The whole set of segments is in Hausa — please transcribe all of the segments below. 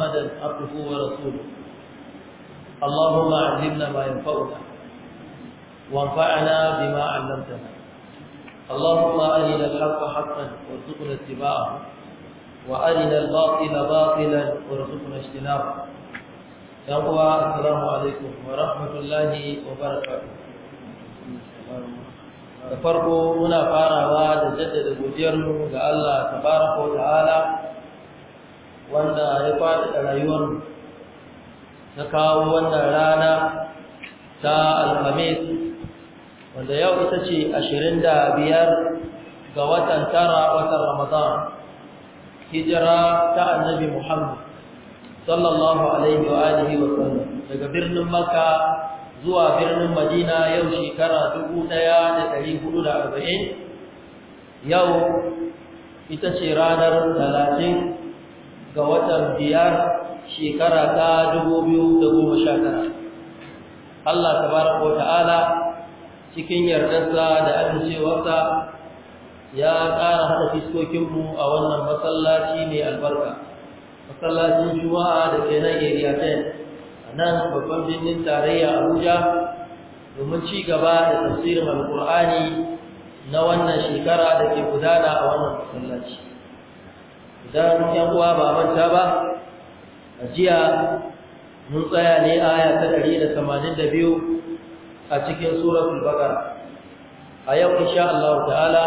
محمدا عبده ورسوله اللهم علمنا ما ينفعنا وانفعنا بما علمتنا اللهم أرنا الحق حقا وارزقنا اتباعه وأرنا الباطل باطلا وارزقنا اجتنابه يقوى السلام عليكم ورحمة الله وبركاته da farko muna farawa da jaddada godiyarmu ga Allah tabaraka wa ta'ala wanda ya faɗi rayuwar na kawo wannan rana ta alhamis wanda yau ita ce ashirin da biyar ga watan tara watan ramadan hijira ta annabi muhammad sallallahu alaihi wa alihi wa sallam daga birnin makka zuwa birnin madina yau shekara dubu ɗaya da ɗari hudu da arba'in yau ita ce ranar talatin ga watan biyar shekara ta 2019 Allah tabaraka ta'ala cikin yardarsa da amincewarsa ya ƙara haɗa fiskokinmu a wannan masallaci ne albarka masallacin juma'a da ke nan area 10 a nan babban birnin tarayya abuja domin ci gaba da tafsirin alƙur'ani na wannan shekara da ke gudana a wannan masallaci idan yan uwa ba manta ba a jiya mun tsaya ne aya ta 182 a cikin suratul baqara a yau insha Allah ta'ala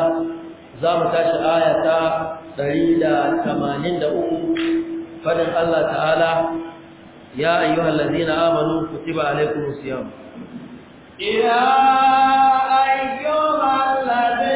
za mu tashi aya ta 183 fadin Allah ta'ala ya ladina amanu kutiba alaykumus siyam ya ladina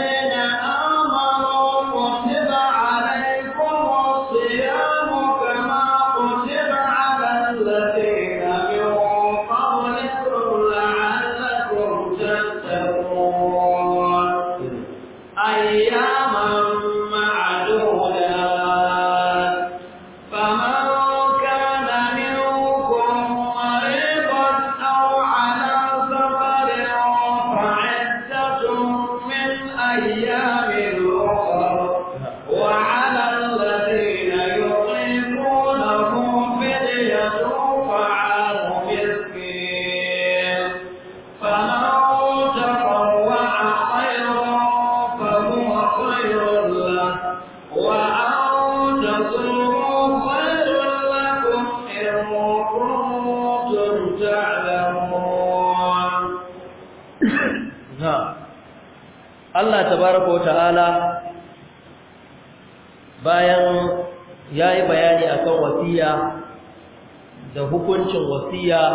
da hukuncin wasiya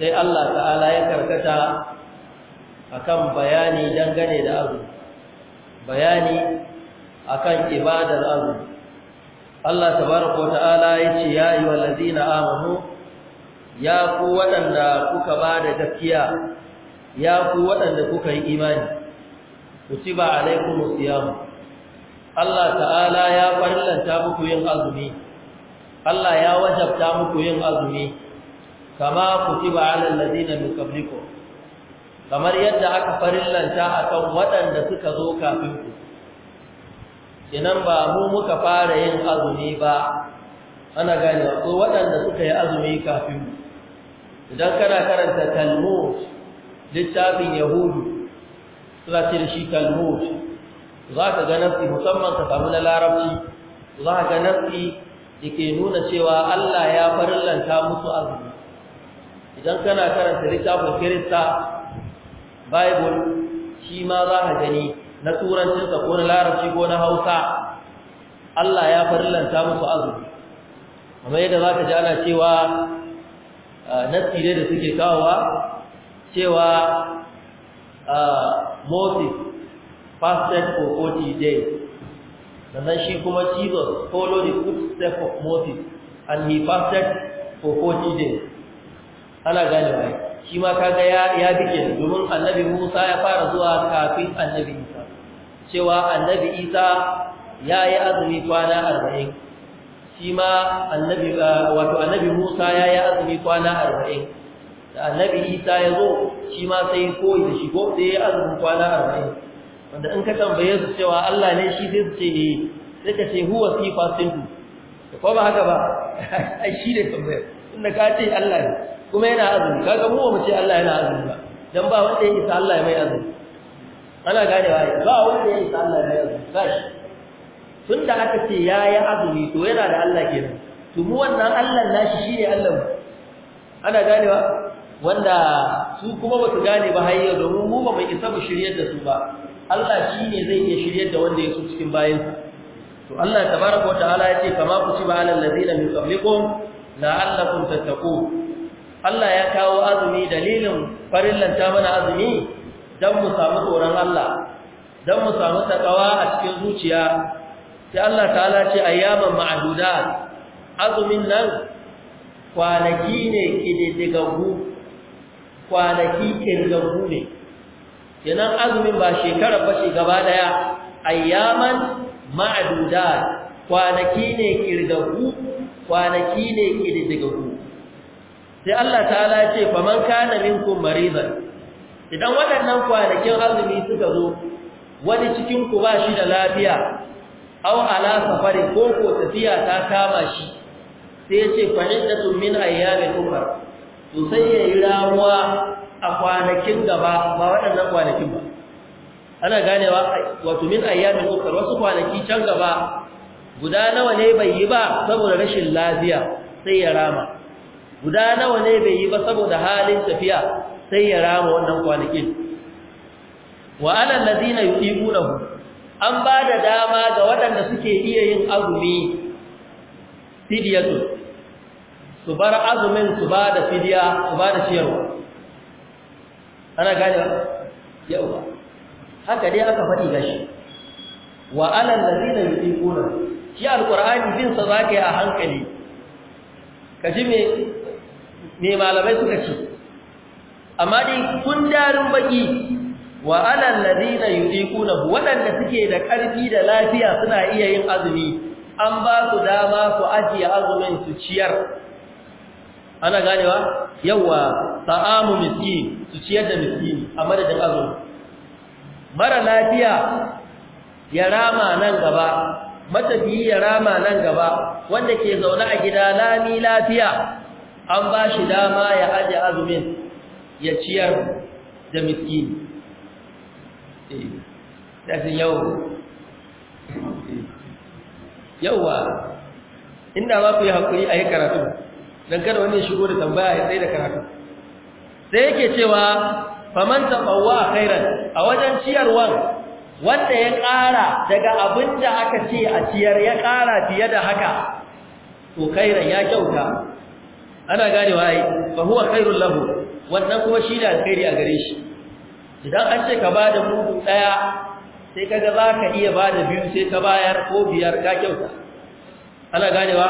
sai Allah ta'ala ya karkata akan bayani dangane da azu bayani akan ibadar azu Allah tabaraka wa ta'ala yace ya ayyuhal ladina amanu ya ku waɗanda kuka bada gaskiya ya ku waɗanda kuka yi imani kutiba alaikumus siyam Allah ta'ala ya farlanta muku yin azumi Allah ya wajabta muku yin azumi kama kutiba alal ladina min qablikum kamar yadda aka farillanta akan waɗanda suka zo kafin ku idan ba mu muka fara yin azumi ba ana gane ko waɗanda suka yi azumi kafin mu idan kana karanta talmud littafin yahudu suna ce shi talmud za ka ga nafsi musamman ka samu na larabci za ka ga nafsi dake nuna cewa Allah ya farillanta musu azumi idan kana karanta littafin Kirista Bible shi ma za ka gani na turancinsa ko na larabci ko na Hausa Allah ya farillanta musu azumi amma yadda za ka ji ana cewa nasi tsire da suke kawowa cewa Moses fasted for 40 days sannan shi kuma Jesus follow the footsteps of Moses and he fasted for forty days ana gane wai shi ma kaga ya ya bike domin annabi Musa ya fara zuwa kafin annabi Isa cewa annabi Isa ya yi azumi kwana arba'in, shi ma annabi ah, wato annabi Musa ya yi azumi kwana arba'in da annabi Isa ya zo shi ma sai koyi da shi ko sai ya azumi kwana arba'in. wanda in ka tambaye su cewa Allah ne shi zai ce eh sai ka ce huwa fi fasindu ko ba haka ba ai shi ne tambayar inda ka ce Allah ne kuma yana azumi kaga mu mu ce Allah yana azumi ba dan ba wanda ya isa Allah ya mai azumi ana gane ai ba wanda ya isa Allah ya mai azumi ba shi tunda aka ce yayi azumi to yana da Allah kenan to mu wannan Allah nashi shi ne Allah ana ganewa wanda su kuma ba su gane ba hayya domin mu ba mai isa mu shiryar da su ba Allah shi ne zai iya shiryar da wanda ya so cikin bayansa to Allah tabaraka wataala ce kama ba alal ladina min qablikum la'allakum tattaqu Allah ya kawo azumi dalilin farin lanta mana azumi dan mu samu tsoron Allah dan mu samu takawa a cikin zuciya sai Allah ta'ala ce ayyaman ma'dudat azumin nan kwanaki ne kididdigaggu kwanaki kirgagu ne kenan azumin ba shekara ba ce gaba daya ayyaman ma'aduda kwanaki ne kirgagu kwanaki ne kirgagu sai Allah ta ya ce faman kana minkum maridan idan waɗannan kwanakin azumi suka zo wani cikin ku ba shi da lafiya aw ala safari ko ko tafiya ta kama shi sai ya ce fa da min ayyamin ukhra to sai ya yi ramuwa a kwanakin gaba ba waɗannan kwanakin ba ana ganewa wato min ayyamin ukar wasu kwanaki can gaba guda nawa ne bai yi ba saboda rashin lafiya sai ya rama guda nawa ne bai yi ba saboda halin tafiya sai ya rama wannan kwanakin wa alal ladina yuqimunahu an ba da dama ga waɗanda suke iya yin azumi fidiyatun su bar azumin su ba da fidiya su ba da ciyarwa ana gane yauwa haka dai aka faɗi gashi wa alal ladina yuqina shi alqur'ani bin sa zakai a hankali kaji me me malamai suka ce amma dai kun darin baki wa alal ladina yuqina wadanda suke da karfi da lafiya suna iya yin azumi an ba su dama ku ajiye azumin su ciyar ana ganewa yawa ta'amu miskin su ciyar da miskini a madadin azumi mara lafiya ya rama nan gaba matafiyi ya rama nan gaba wanda ke zaune a gida lami lafiya an ba shi dama ya aje azumin ya ciyar da miskini eh yau eh, yawa inda ba ku yi hakuri a yi karatu dan kada wani shigo da tambaya ya tsaye da karatu sai yake cewa faman tabawwa khairan a wajen ciyarwan wanda ya ƙara daga abinda aka ce a ciyar ya ƙara fiye da haka to khairan ya kyauta ana gane wai fa huwa khairul lahu wannan kuma shi da alkhairi a gare shi idan an ce ka bada mutu daya sai kaga zaka iya bada biyu sai ka bayar ko biyar ka kyauta ana ganewa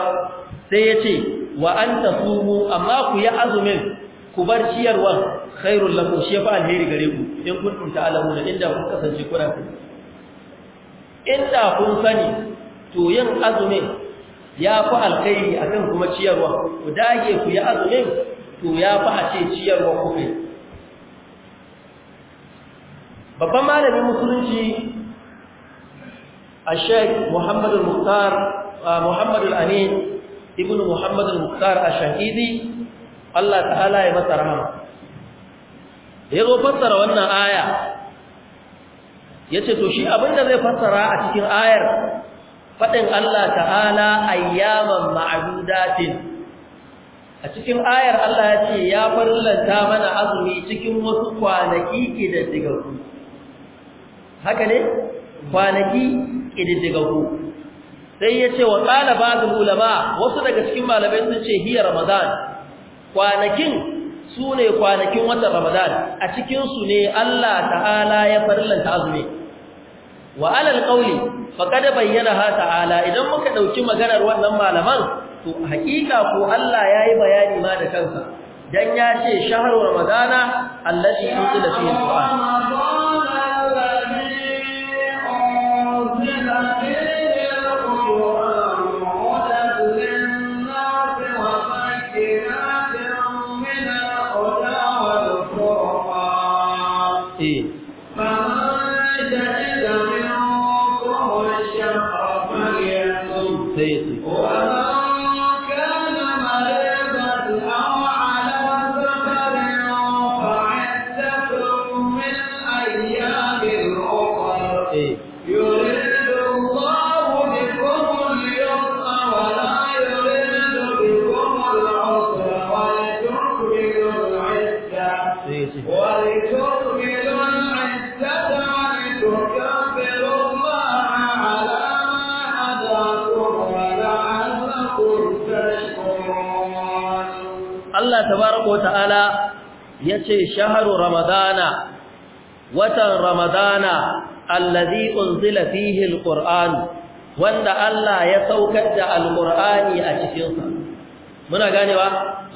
sai yace wa an tasumu amma ku ya azumin ku bar ciyarwa khairul lakum shi fa alheri gare ku in kun kuntum ta'lamuna inda kun kasance kuna ku inda kun sani to yin azumin ya fa alkhairi akan kuma ciyarwa ku dage ku ya azumin to ya fa a ce ciyarwa ku kai babban malamin musulunci الشيخ محمد المختار محمد الأمين ibnu muhammad al a ash-shahidi Allah ta'ala ya masa rahama ya zo fassara wannan aya yace to shi abinda zai fassara a cikin ayar fadin Allah ta'ala ayyaman ma'dudatin a cikin ayar Allah ya ce ya farlanta mana azumi cikin wasu kwanaki kididdigaku haka ne kwanaki kididdigaku sai ya ce wa qala ba'dul ulama wasu daga cikin malamai sun ce hiya ramadan kwanakin sune kwanakin watan ramadan a cikin su ne Allah ta'ala ya farlanta azumi wa alal qawli faqad bayyana ha ta'ala idan muka ɗauki maganar wannan malaman to hakika ko Allah yayi bayani ma da kansa dan ya ce shahar ramadana allazi unzila fihi alquran ce shaharu ramadana watan ramadana allazi unzila fihi alquran wanda Allah ya saukar da alqurani a cikin sa muna ganewa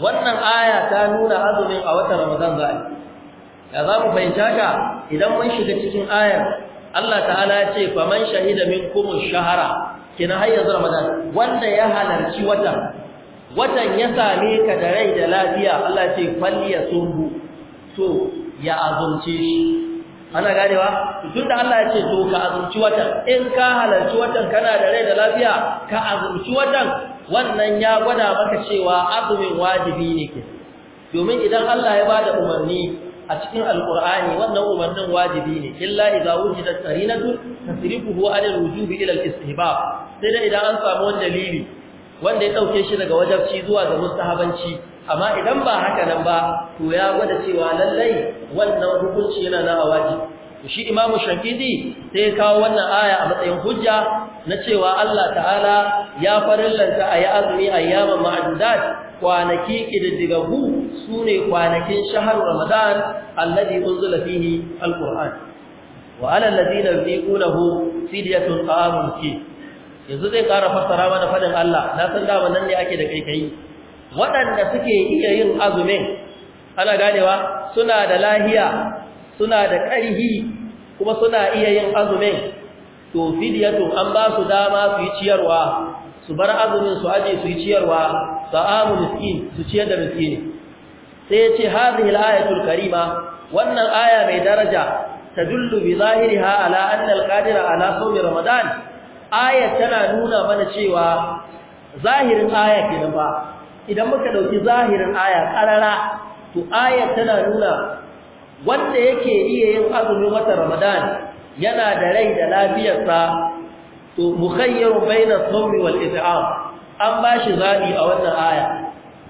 wannan aya ta nuna azumin a watan ramadan za ya za fahimta ka idan mun shiga cikin ayar Allah ta'ala ya ce faman shahida minkum ash-shahara kina hayya ramadan wanda ya halarci watan watan ya same ka da rai da lafiya Allah ce falliya sunhu to ya azumce shi ana ganewa tunda Allah ya ce to ka azumci watan in ka halarci watan kana da rai da lafiya ka azumci watan wannan ya gwada maka cewa azumin wajibi ne ke domin idan Allah ya bada umarni a cikin alqur'ani wannan umarnin wajibi ne illa idza wujidat tarinatu tasrifuhu ala alwujubi ila alistihbab sai da idan an samu wani dalili wanda ya dauke shi daga wajabci zuwa ga mustahabanci amma idan ba haka nan ba to ya gwada cewa lallai wannan hukunci yana na wajibi shi imamu shafidi sai ya kawo wannan aya a matsayin hujja na cewa Allah ta'ala ya farillanta a yi azumi ayyaman ma'adudat kwanaki ƙididdigahu su ne kwanakin shahar ramadan alladhi unzila fihi alquran wa ala alladhina yuqunahu fidyatun ta'amun miskin yanzu zai ƙara fassara mana faɗin Allah na san dama nan ne ake da kai waɗanda suke iya yin azumin ana ganewa suna da lahiya suna da ƙarhi kuma suna iya yin azumin to fidiyatu an ba su dama su yi ciyarwa su bar azumin su aje su yi ciyarwa amu miskin su ciyar da miskin sai ya ce hadhihi al-ayatul karima wannan aya mai daraja tadullu bi zahiriha ala anna al-qadira ala sawmi ramadan aya tana nuna mana cewa zahirin aya kenan ba idan muka dauki zahirin aya karara to aya tana nuna wanda yake iya yin azumi wata ramadan yana da rai da lafiyarsa to mukhayyaru baina sawmi wal it'am an bashi zabi a wannan aya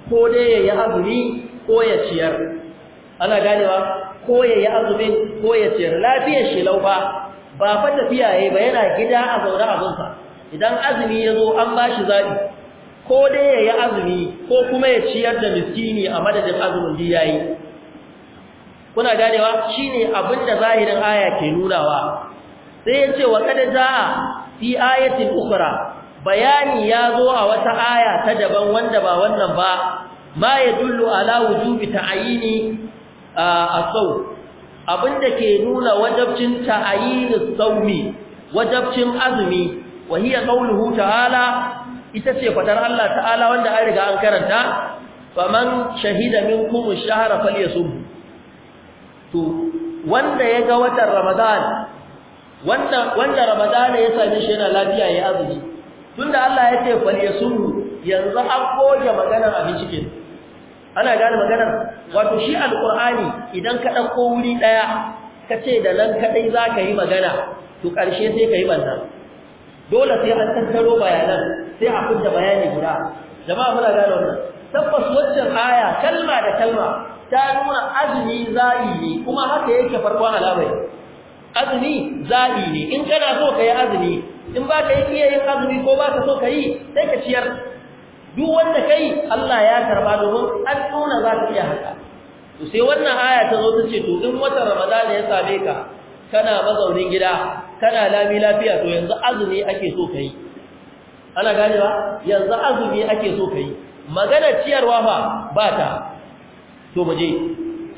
ko dai yayi azumi ko ya ciyar ana ganewa ko yayi azumi ko ya ciyar lafiyar shi lauba ba fa tafiya yayi ba yana gida a zaune abinsa idan azumi yazo an ba shi zaɓi ko dai yayi azumi ko kuma ya ciyar da miskini a madadin azumin da yayi kuna ganewa shine ne abin da zahirin aya ke nunawa sai ya ce wa kada za fi ayatin ukra bayani ya zo a wata aya ta daban wanda ba wannan ba ma ya ala wujubi ta'ayini a sau abinda ke nuna wajabcin ta'ayin saumi wajabcin azumi wa hiya qawluhu ta'ala ita ce fadar Allah ta'ala wanda an riga an karanta faman shahida minkum ash-shahra falyasum to wanda ya ga watan ramadan wanda wanda ramadan ya sami shi yana lafiya ya azumi tunda Allah ya ce falyasum yanzu an goge maganar abin cikin ana gane maganar wato shi alqur'ani idan ka dauko wuri daya kace da nan kadai zaka yi magana to karshe sai ka yi banza dole sai an tattaro bayanan sai a fitta bayani guda jama'a muna gane wannan tabbas waccan aya kalma da kalma ta nuna azumi za'i ne kuma haka yake farkon alamai azumi za'i ne in kana so ka yi azumi in ba ka yi iya yin azumi ko ba ka so ka yi sai ka ciyar duk wanda kai Allah ya karba domin an nuna za ka iya haka to sai wannan aya ta zo ta ce to in watan Ramadan ya same ka kana mazaunin gida kana lami lafiya to yanzu azumi ake so kai ana ganewa yanzu azumi ake so kai magana ciyarwa fa ba ta to muje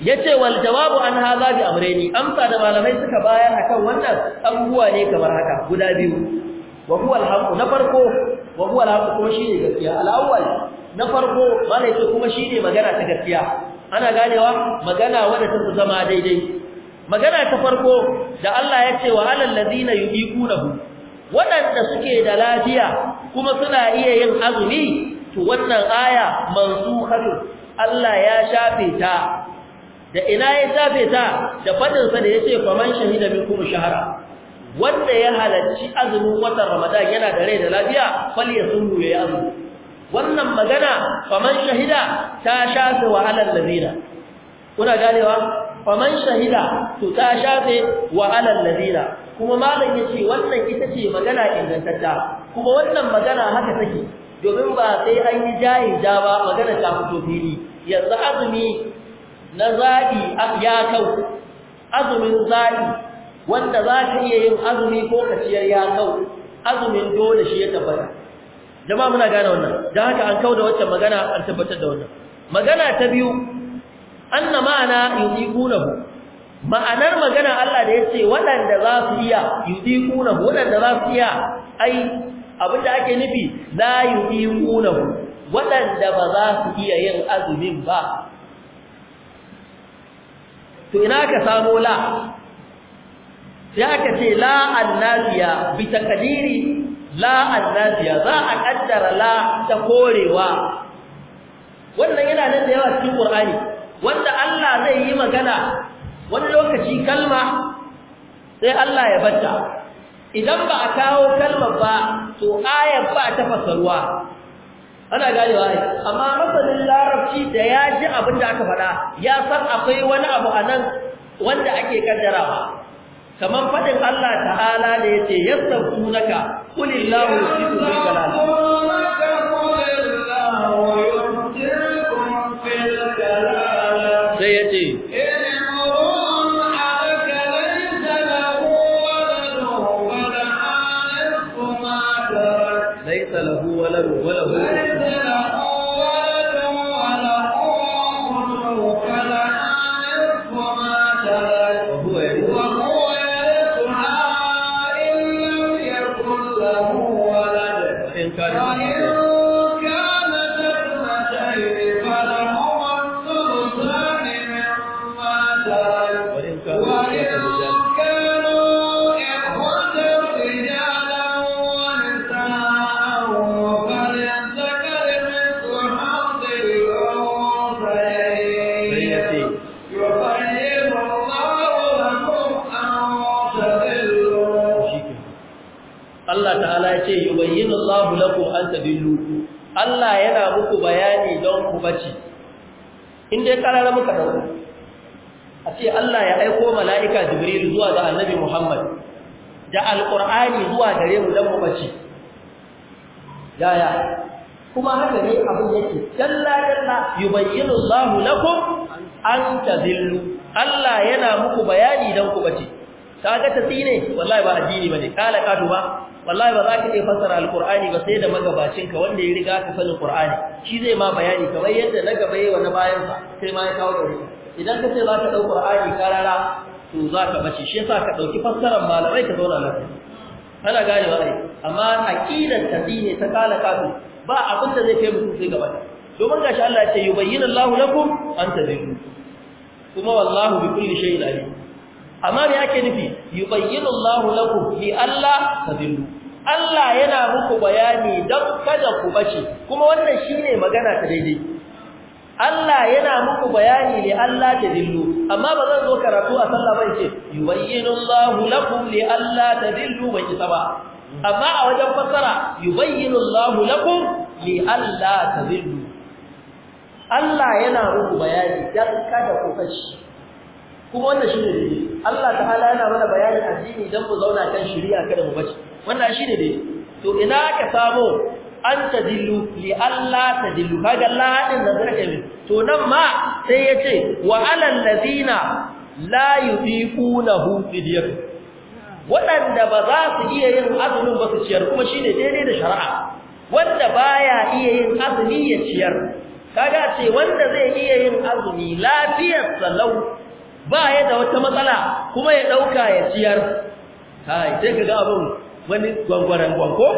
yace wal jawabu an hadha bi amrayni amsa da malamai suka bayar akan wannan abubuwa ne kamar haka guda biyu wa huwa al na farko wa huwa ko kuma shine gaskiya al-awwal na farko mana yace kuma shine magana ta gaskiya ana ganewa magana wanda ta zama daidai magana ta farko da Allah ya ce wa alal ladina yudiqunahu wadanda suke da lafiya kuma suna iya yin azumi to wannan aya mansukhatun Allah ya shafe ta da ina ya shafe ta da fadin sa da yace faman shahida bikum shahara wanda ya halarci azumin watan Ramadan yana da rai da lafiya fal ya sunu ya azumi wannan magana faman shahida ta shafe wahalar lazina kuna ganewa faman shahida to ta shafe wahalar lazina kuma malam yace wannan ita ce magana ingantacciya kuma wannan magana haka take domin ba sai an yi jahida ba magana ta fito fili yanzu azumi na zabi ya kau azumin zabi wanda za ka iya yin azumi ko kaciyar ya kau azumin dole shi ya tabbata jama'a muna gane wannan dan haka an kau da wacce magana an tabbatar da wannan magana ta biyu anna ma'ana yudiqunahu ma'anar magana Allah da yace waɗanda za su iya yudiqunahu waɗanda za su iya ai abinda ake nufi la yudiqunahu waɗanda ba za su iya yin azumin ba to ina ka samu la sai aka ce la annasiya bi takdiri la annasiya za a kaddara la ta korewa wannan yana nan da yawa cikin Qur'ani wanda Allah zai yi magana wani lokaci kalma sai Allah ya banta idan ba a kawo kalmar ba to ayar ba ta fasaruwa ana ganewa ai amma masanin larabci da ya ji abin da aka faɗa ya san akwai wani abu a nan wanda ake kaddarawa kamar fadin Allah ta'ala da yace yastaghfirunaka qulillahu yusibu bil jalal ce yubayyinu Allahu lakum an tadillu Allah yana muku bayani don ku bace in dai karara muka dauko a ce Allah ya aiko mala'ika Jibril zuwa ga Annabi Muhammad da alqur'ani zuwa gare mu don mu bace yaya kuma haka ne abin yake dalla dalla yubayyinu Allahu lakum an tadillu Allah yana muku bayani don ku bace kaga ta tsine wallahi ba addini bane kala kadu ba wallahi ba za ka iya fassara alqur'ani ba sai da magabacin ka wanda ya riga ka sanin qur'ani shi zai ma bayani kamar yadda na gaba yayi wa na bayan sa sai ma ya kawo gari idan ka ce za ka dau qur'ani karara to za ka bace shi yasa ka dauki fassarar malamai ka zauna lafiya ana gane wa ai amma aqidar ta ta kala kafu ba abin da zai kai mutum sai gaba domin gashi Allah ya ce yubayyinallahu lakum an tabiru kuma wallahu bi kulli shay'in alim amma me ake nufi yubayyinu Allahu lakum li Allah tadillu Allah yana muku bayani dan kada ku bace kuma wannan shine magana ta daidai Allah yana muku bayani li Allah tadillu amma ba zan zo karatu a sallah ba yace yubayyinu Allahu lakum li Allah tadillu wa kitaba amma a wajen fasara, yubayyinu Allahu lakum li Allah tadillu Allah yana muku bayani dan kada ku bace kuma wannan shi ne daidai Allah ta'ala yana mana bayanin addini dan mu zauna kan shari'a kada mu bace wannan shi ne dai. to ina ka samo an tadillu li Allah tadillu kaga Allah din da zaka yi to nan ma sai yace wa alal ladina la yufiqunahu fidyatun waɗanda ba za su iya yin azumin ba su ciyar kuma shine daidai da shari'a wanda baya iya yin azumi ya ciyar kaga ce wanda zai iya yin azumi lafiyar salau ba ya da wata matsala kuma ya dauka ya ciyar kai sai kaga abin wani gwangwaran gwanko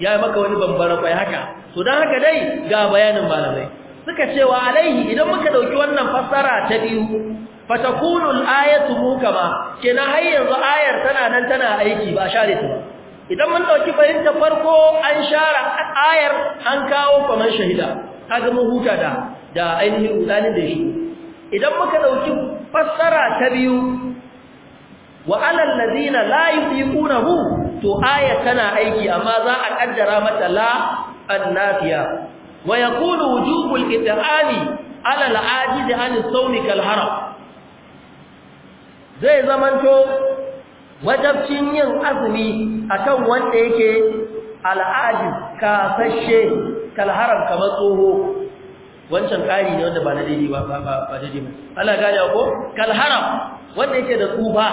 ya maka wani bambara kai haka to dan haka dai ga bayanin malamai suka cewa alaihi idan muka dauki wannan fassara ta biyu fa takunu alayatu mukama kenan har yanzu ayar tana nan tana aiki ba share ta idan mun dauki fahimta farko an share ayar an kawo kamar shahida kaga mun huta da da ainihin udanin da shi idan muka dauki fassara ta biyu wa alal ladina la yuqunahu to aya tana aiki amma za a kaddara mata la annafiya wa yaqulu wujubul it'ami ala al-ajiz an sawmi kal haram zai zamanto wajabcin yin azumi akan wanda yake al-ajiz kasashe kal haram kamar tsoho wancan kari ne wanda ba na daidai ba ba ba daidai ba ana gane ko kal haram wanda yake da tsufa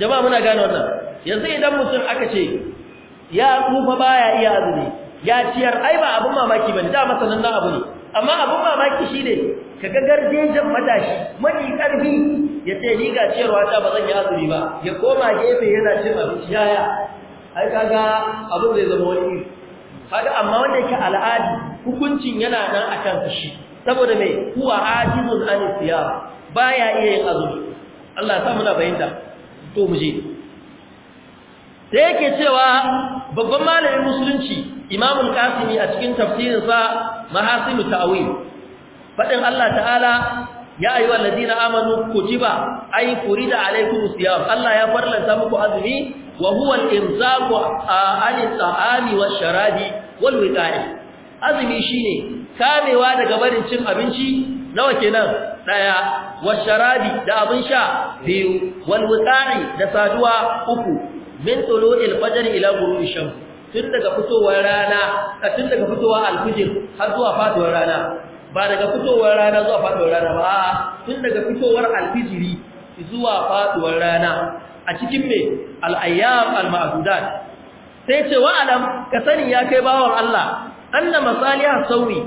jama'a muna gane wannan yanzu idan mutum aka ce ya tsufa baya iya azumi ya ciyar ai ba abin mamaki bane da masanin nan abu ne amma abun mamaki shine kaga garjejen matashi mani karfi ya ce ni ga ciyarwa ta ba zan yi azumi ba ya koma gefe yana cin abinci yaya ai kaga abin zai zama wani iri kaga amma wanda yake al'adi hukuncin yana nan a kan shi saboda mai huwa ajizun an siyara baya iya yin azumi Allah ya sa muna bayyana to mu je da yake cewa babban malamin musulunci Imam Qasimi a cikin sa Mahasimu Ta'wil fadin Allah ta'ala ya ayyuhal ladina amanu kutiba ay da alaykumus siyam Allah ya farlanta muku azumi wa huwa al-imzaku an at-ta'ami wash-sharabi wal-wiqa'i azumi shine kamewa daga barin cin abinci nawa kenan daya washarabi da abin sha biyu walwutari da saduwa uku min tulu'il fajr ila ghurubi shams tun daga fitowar rana a tun daga fitowar alfijir har zuwa faduwar rana ba daga fitowar rana zuwa faduwar rana ba tun daga fitowar alfijiri zuwa faduwar rana a cikin me al-ayyam al-ma'dudat sai ce wa alam ka sani ya kai bawon Allah anna masaliha sawi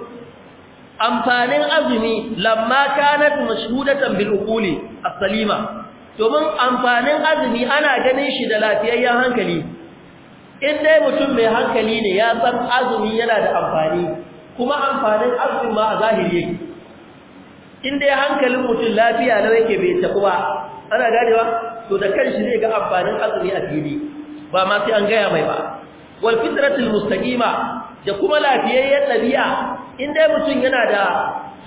amfanin azumi lamma kanat mashhudatan bil uquli as-salima domin amfanin azumi ana ganin shi da lafiyayyen hankali in dai mutum mai hankali ne ya san azumi yana da amfani kuma amfanin azumi ma a zahiri yake in dai hankalin mutum lafiya na yake bai tafi ba ana ganewa to da kanshi zai ga amfanin azumi a fili ba ma sai an gaya mai ba wal fitratul mustaqima da kuma lafiyayyen ɗabi'a in dai mutum yana da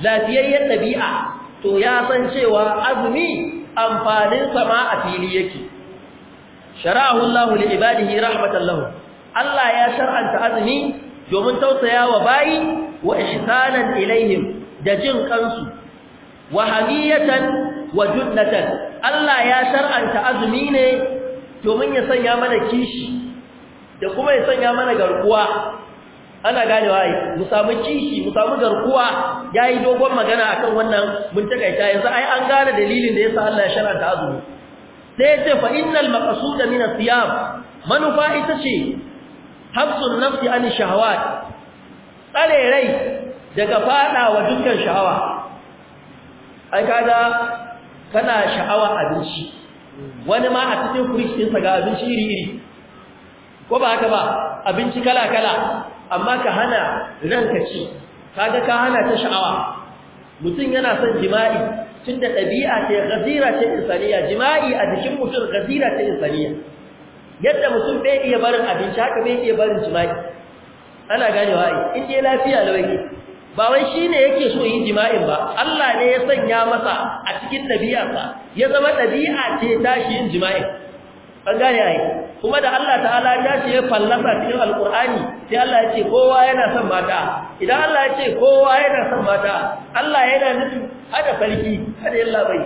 lafiyayyen ɗabi'a to ya san cewa azumi amfanin sama a fili yake shara'ahu Allahu li ibadihi rahmatan lahu Allah ya shar'anta azumi domin tausaya wa bayi wa ihsanan ilaihim da jin kansu wa hamiyatan wa junnatan Allah ya shar'anta azumi ne domin ya sanya mana kishi da kuma ya sanya mana garkuwa ana ganewa wai mu samu kishi mu samu garkuwa yayi dogon magana akan wannan mun ita yanzu ai an gane dalilin da yasa Allah ya sharanta azumi sai ce fa innal maqsuda min as-siyam manufa ita ce hafsun nafsi an shahawat tsare rai daga fada wa dukkan shahawa ai kaga kana sha'awa abinci wani ma a cikin fridge ɗinsa ga abinci iri iri ko ba haka ba abinci kala kala amma ka hana ranka ci kaga ka hana ta sha'awa mutum yana son jima'i tunda ɗabi'a ce gazira ce insaniya jima'i a jikin mutum gazira ce insaniya yadda mutum bai iya barin abinci haka bai iya barin jima'i ana gane wa'i in je lafiya wani ba wai shine yake so yin jima'in ba Allah ne ya sanya masa a cikin dabi'a ya zama ɗabi'a ce tashi yin jima'i an gane ai kuma da Allah ta'ala ya ce ya fallasa cikin alkur'ani sai Allah ya ce kowa yana son mata idan Allah ya ce kowa yana son mata Allah yana nufin hada farki, hada yalla bai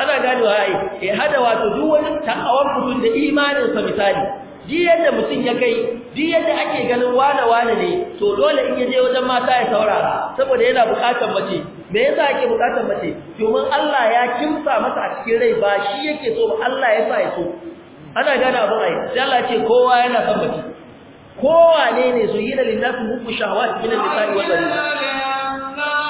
ana ganewa wai eh hada wato duk wani ta'awar mutum da imanin sa misali ji yadda mutum ya kai ji yadda ake ganin wane wane ne to dole in ya je wajen mata ya saura. saboda yana bukatar mace me yasa ake bukatar mace domin Allah ya kimsa masa a cikin rai ba shi yake so ba Allah ya sa ya so ana gane abin ai sai Allah ce kowa yana son baki kowa ne ne so yi da lillahi hubbu shahawati min al-nisa'i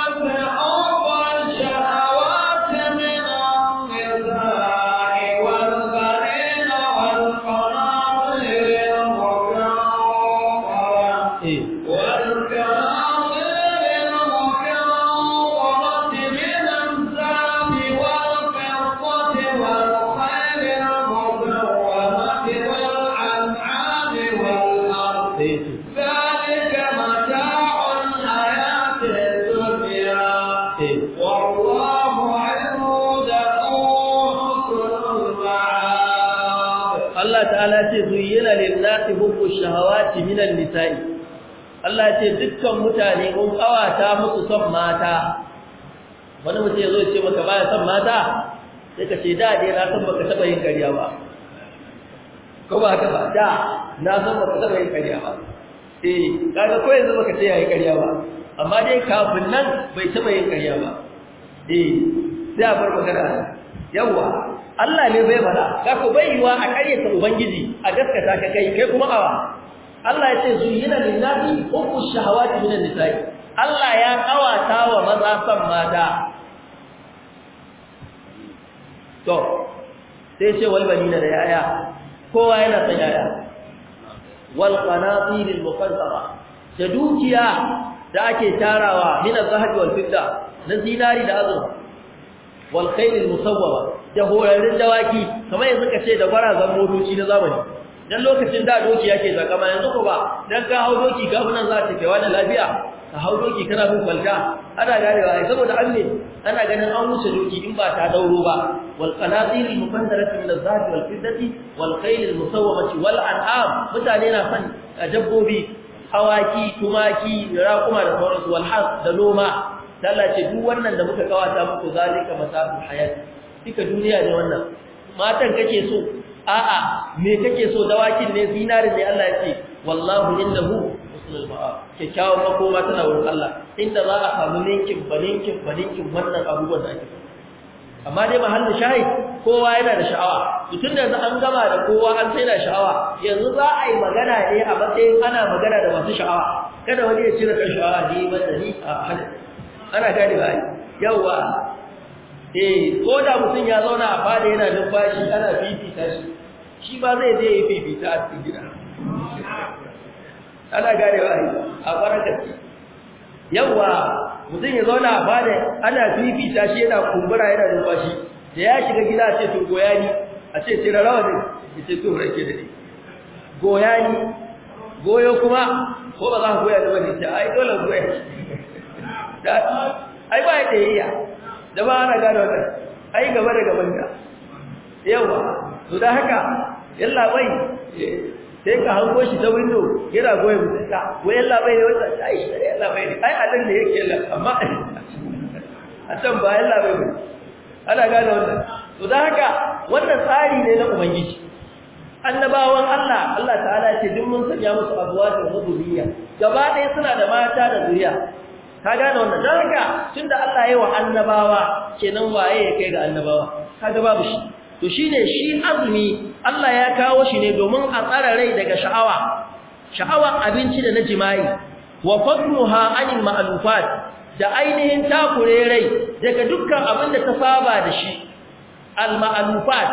Allah ce dukkan mutane mun kawata musu son mata wani mutum ya zo ce maka baya son mata sai ka ce da dai na san baka taba yin kariya ba ko ba haka ba da na san baka taba yin kariya ba eh kaga ko yanzu baka ce yayi kariya ba amma dai kafin nan bai taba yin kariya ba eh sai a bar magana yawa Allah ne bai bada ka ko bai yiwa a karyata ubangiji a gaskata ka kai kai kuma awa Allah ya ce zuyina lillahi hubbu shahawati minan nisa'i Allah ya kawata wa maza san mata to sai ce wal banina da yaya kowa yana san yaya wal qanatir al muqaddara da dukiya da ake tarawa min al zahab wal fidda na zinari da azurfa wal khayl al musawwama da horarin dawaki kamar yanzu kace da gwarazan motoci na zamani dan lokacin da doki yake zaka ma yanzu ko ba dan ka hau doki gabunan za ta kewa da lafiya ka hau doki kana bin kwalta ana ganewa ai saboda an ana ganin an wuce doki in ba ta dauro ba wal qanatir al mufandarat min al zahab wal fiddati wal khayl al musawwamati wal an'am mutane na san dabbobi hawaki tumaki raquma da sauransu wal has da noma Allah ce duk wannan da muka kawata muku zalika masabul hayat duka duniya ne wannan matan kake so a'a me kake so dawakin ne zinarin ne Allah yake wallahu innahu husnul ma'a kyakkyawan makoma tana wurin Allah inda za a samu ninkin balinkin balinkin wannan abubuwan da ake amma dai mahallin shahi kowa yana da sha'awa tun da an gama da kowa an sai da sha'awa yanzu za a yi magana ne a matsayin ana magana da masu sha'awa kada wani ya cire kan sha'awa ne ban da ni a hali ana gane ba yawa eh ko da mutum ya zauna a fada yana numfashi ana fifita shi shi ba zai je ya fifita a cikin gida ana wa a barakaci yawa mutum ya zauna a bada ana fifita shi yana kumbura yana numfashi da ya shiga gida a ce to goya ni a ce tira rawa ne ya ce to rake da ne goya ni goyo kuma ko ba za ka goya da wani ce ai dole goya ai ba ya tsayayya da ba ana gane wannan ai gaba da gaban da yawa to da haka yalla bai sai ka hango shi ta window yana goyen mutunta ko yalla bai ne wata ai yalla bai ne ai adan da yake yalla amma a can ba yalla bai ne ana gane wannan to da haka wannan tsari ne na ubangiji annabawan Allah Allah ta'ala ce duk mun sanya musu da zuriya gaba ɗaya suna da mata da zuriya ka gane wannan dan haka tunda Allah ya yi wa annabawa kenan waye ya kai ga annabawa Ka ga babu shi to shine shi azumi Allah ya kawo shi ne domin a tsara rai daga sha'awa sha'awan abinci da na jima'i wa fadluha anil ma'lufat da ainihin takure rai daga dukkan abin da ta saba da shi al ma'lufat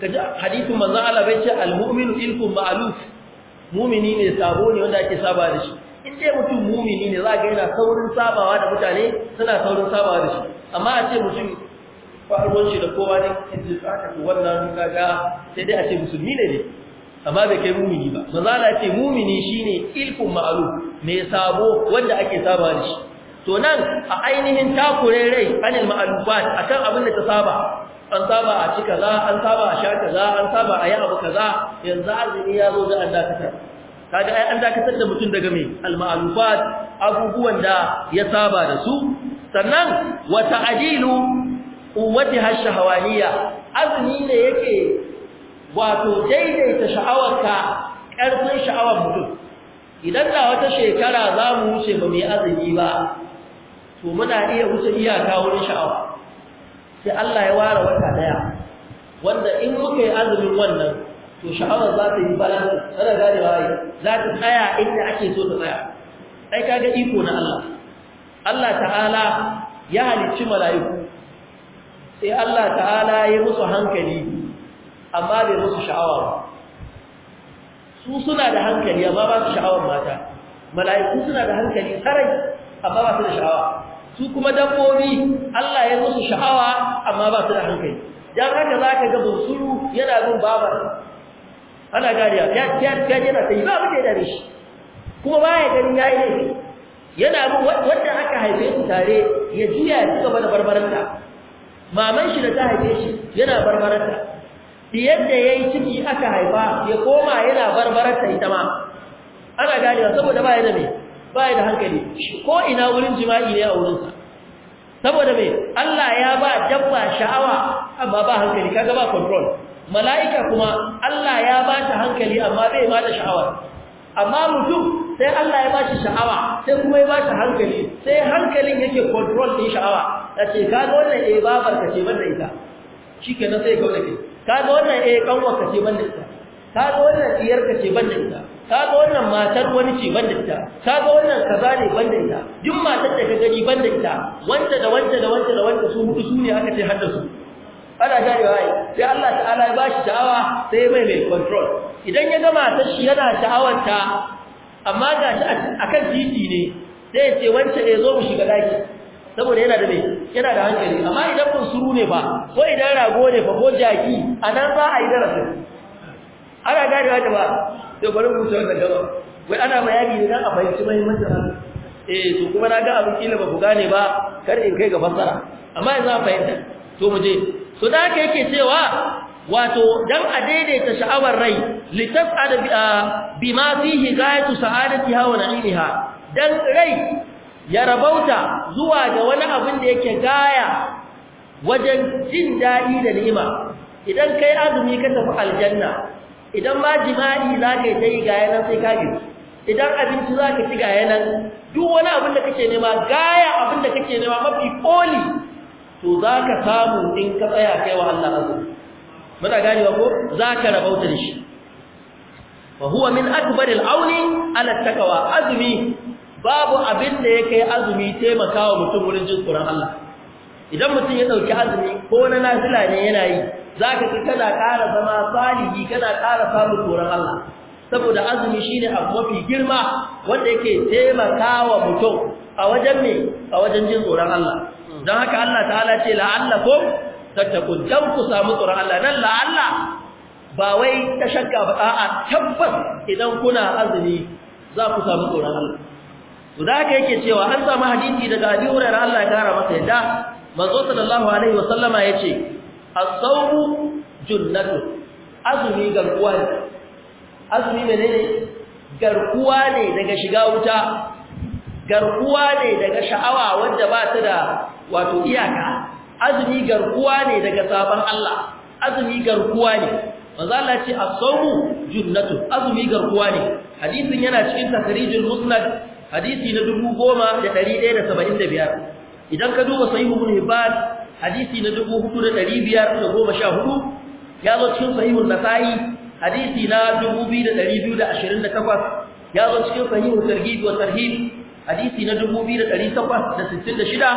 kaji hadithu manzon Allah bai ce al mu'minu ilkum ma'luf mu'mini ne sabo ne wanda ake saba da shi in dai mutum mu'mini ne za ga yana saurin sabawa da mutane suna saurin sabawa da shi amma a ce mutum ba ruwan shi da kowa ne in ji to wannan kaga sai dai a ce musulmi ne ne. amma bai kai mumini ba na ce mumini shine ilfun ma'alu ne sabo wanda ake saba da shi to nan a ainihin takure rai anil ma'alufat akan abin da ta saba an saba a ci kaza an saba a sha kaza an saba a yi abu kaza yanzu azumi ya zo da an dakatar kaga ai an dakatar da mutum daga mai al ma'alufat abubuwan da ya saba da su sannan wa ta'jilu quwwatiha shahawaniya azumi ne yake wato daidaita sha'awarka karfin sha'awar mutum idan da wata shekara za mu wuce ba mai azumi ba to muna iya wuce iyaka wurin sha'awa sai Allah ya ware wata daya wanda in muka yi azumin wannan to sha'awar za ta yi balance tana gane waye za ta tsaya inda ake so ta tsaya ai kaga iko na Allah Allah ta'ala ya halicci mala'iku sai Allah ta'ala ya musu hankali amma bai musu sha'awa ba su suna da hankali amma ba su sha'awar mata mala'iku suna da hankali sarai amma ba su da sha'awa su kuma dabbobi Allah ya musu sha'awa amma ba su da hankali dan haka zaka ga bursuru yana bin babar ana gariya ya ya yana sai ba mutai da shi kuma baya ganin yayi ne yana bin wanda aka haife su tare ya juya su gaba da barbaranta maman shi da ta haife shi yana barbarata diyar da ya yi ciki aka haifa ya koma yana barbarata ita ma ana ganewa saboda ba da mai ba ya da hankali ko ina wurin jima'i ne a wurinsa saboda mai Allah ya ba dabba sha'awa amma ba hankali kaga ba control mala'ika kuma Allah ya ba ta hankali amma bai ba ta sha'awa amma mutum sai Allah ya ba shi sha'awa sai kuma ya ba ta hankali sai hankalin yake control din sha'awa kace kaga wannan eh babar ka ce banda ita shikenan sai kauna Ka kaga wannan eh kanwa ka ce banda ita kaga wannan diyar ka ce banda ita kaga wannan matar wani ce banda ita kaga wannan kaza ne banda ita duk matar da ka gani banda ita wanda da wanda da wanda da wanda su mutu su ne aka ce hadda su ana ganewa wai sai Allah ta'ala ya bashi sha'awa sai mai mai control idan ya ga matar shi yana sha'awar ta amma gashi akan titi ne sai ya ce wancan ya eh, zo mu shiga daki saboda yana da me yana da hankali amma idan suru ne fa ko idan rago ne fa ko jaki anan ba a yi darasin ana gane wata ba sai bari mu tsaya daga wai ana yaki ne dan a fahimci muhimmancin eh to kuma na ga abin kila ba ku gane ba kar in kai ga fassara amma yanzu a fahimta to mu je so da haka yake cewa wato dan a daidaita sha'awar rai litas'ada bima fihi ghayatu sa'adatiha wa na'imiha dan rai ya rabauta zuwa ga wani abin da yake gaya wajen jin daɗi da ni'ima idan kai azumi ka tafi aljanna idan ma jima'i za ka yi ta gaya nan sai ka gidi idan abinci za ka ci gaya nan duk wani abin da kake nema gaya abin da kake nema mafi koli to za samu in ka tsaya kai wa Allah azumi muna ganewa ko za rabauta da shi wa huwa min akbaril auni ala takawa azumi babu abin da ya kai azumi taimakawa mutum wurin jin tsoron Allah idan mutum ya dauki azumi ko na nafila ne yana yi zaka ga kana ƙara zama salihi kana ƙara samun tsoron Allah saboda azumi shine abu mafi girma wanda yake taimakawa mutum a wajen me a wajen jin tsoron Allah dan haka Allah ta'ala ce la'allakum tattakun dan ku samu tsoron Allah nan la'alla ba wai ta shakka ba a tabbas idan kuna azumi za ku samu tsoron Allah to da haka yake cewa an samu hadisi daga Abi Hurairah Allah ya kara masa yadda manzo sallallahu alaihi wasallama yace as-sawmu junnatu azumi garkuwa ne azumi menene garkuwa ne daga shiga wuta garkuwa ne daga sha'awa wanda ba ta da wato iyaka azumi garkuwa ne daga sabon Allah azumi garkuwa ne manzo Allah ce as-sawmu junnatu azumi garkuwa ne hadisin yana cikin takrijul musnad hadisi na dubu goma da ɗari ɗaya da saba'in da biyar idan ka duba sahihu ibn hibban hadisi na dubu da ɗari biyar da goma sha hudu ya zo cikin sahihun nasa'i hadisi na dubu biyu da ɗari biyu da ashirin da ya zo cikin sahihun targhib wa tarhib hadisi na dubu biyu da ɗari takwas da da shida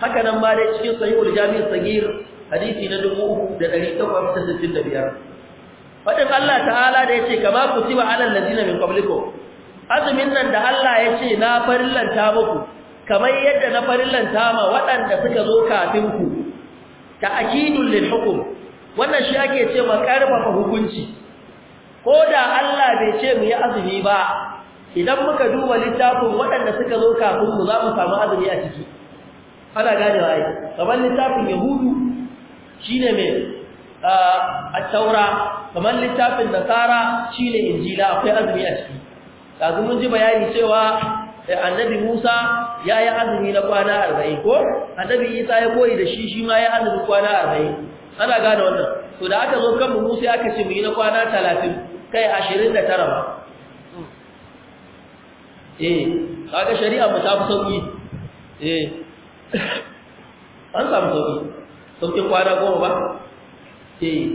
haka nan ma dai cikin sahihul jami'in sagir hadisi na dubu da ɗari takwas da da biyar faɗin Allah ta'ala da ya ce kama kutiba alal ladina min qablikum azumin nan da Allah ya ce na farillanta muku kamar yadda na farillanta ma waɗanda suka zo kafin ku ta'kidul lil hukm wannan shi ake ce ma karfafa hukunci ko da Allah bai ce mu yi azumi ba idan muka duba littafin waɗanda suka zo kafin mu za mu samu azumi a ciki ana ganewa ai kamar littafin yahudu shine mai a ah, taura kamar littafin nasara shine injila akwai azumi a ciki kazu mun ji bayani cewa eh, annabi Musa ya yi azumi na kwana 40 ko annabi Isa ya koyi da shi shi ma ya azumi kwana 40 ana gane wannan to da aka zo kan Musa sai aka ce mu yi na kwana 30 kai 29 ba eh kaga shari'a mu ta fi sauki eh an samu sauki sauki kwana goma ba eh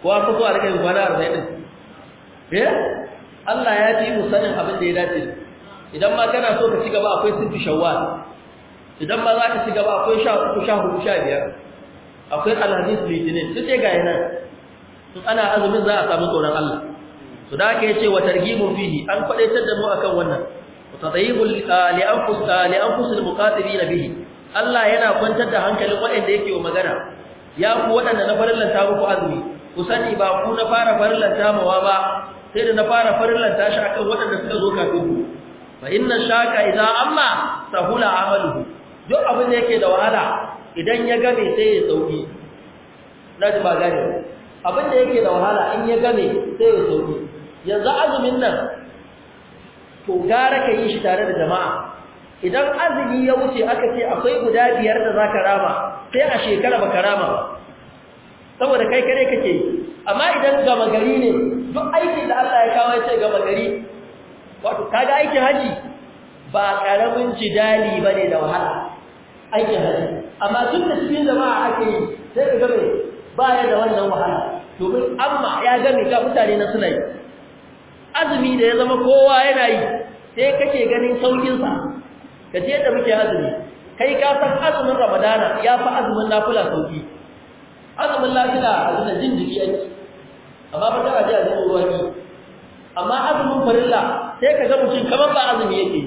ko an fito a rika kwana 40 din eh Allah ya fi mu sanin abin da ya dace idan ma kana so ka ci gaba akwai fi shawwal idan ma za ka ci gaba akwai sha uku sha hudu sha biyar akwai alhadis litinin su ce ga yana in ana azumin za a samu tsoron Allah to da aka yace wa targhibun fihi an fadaitar da mu akan wannan wa tadayyibul li anfus li anfusil muqatilina bihi Allah yana kwantar da hankalin waɗanda yake wa magana ya ku waɗanda na farillanta muku azumi ku sani ba ku na fara farillanta mawa ba sai da na fara farin shi akan waɗanda suka zo kafin ku fa inna shaka idan amma sahula amalu duk abin da yake da wahala idan ya game sai ya sauki na ba gane abin da yake da wahala in ya game sai ya sauki yanzu azumin nan to gara ka yi shi tare da jama'a idan azumi ya wuce aka ce akwai guda biyar da za ka rama sai a shekara ba ka rama saboda kai kare kake yi amma idan gama gari ne duk aikin da Allah ya kawo ya ce gama gari wato kaga aikin haji ba karamin jidali bane da wahala aikin haji amma tun da cikin jama'a ake yi sai ka gane ba ya da wannan wahala domin amma ya gane ga mutane na suna azumi da ya zama kowa yana yi sai kake ganin saukin sa kaje yadda muke azumi kai ka san azumin ramadana ya fi azumin nafila sauki azumin lafiya azumin jin jiki amma ba tana ji a zuwa ruwa ne. amma azumin farilla sai ka ga mutum kamar ba azumi yake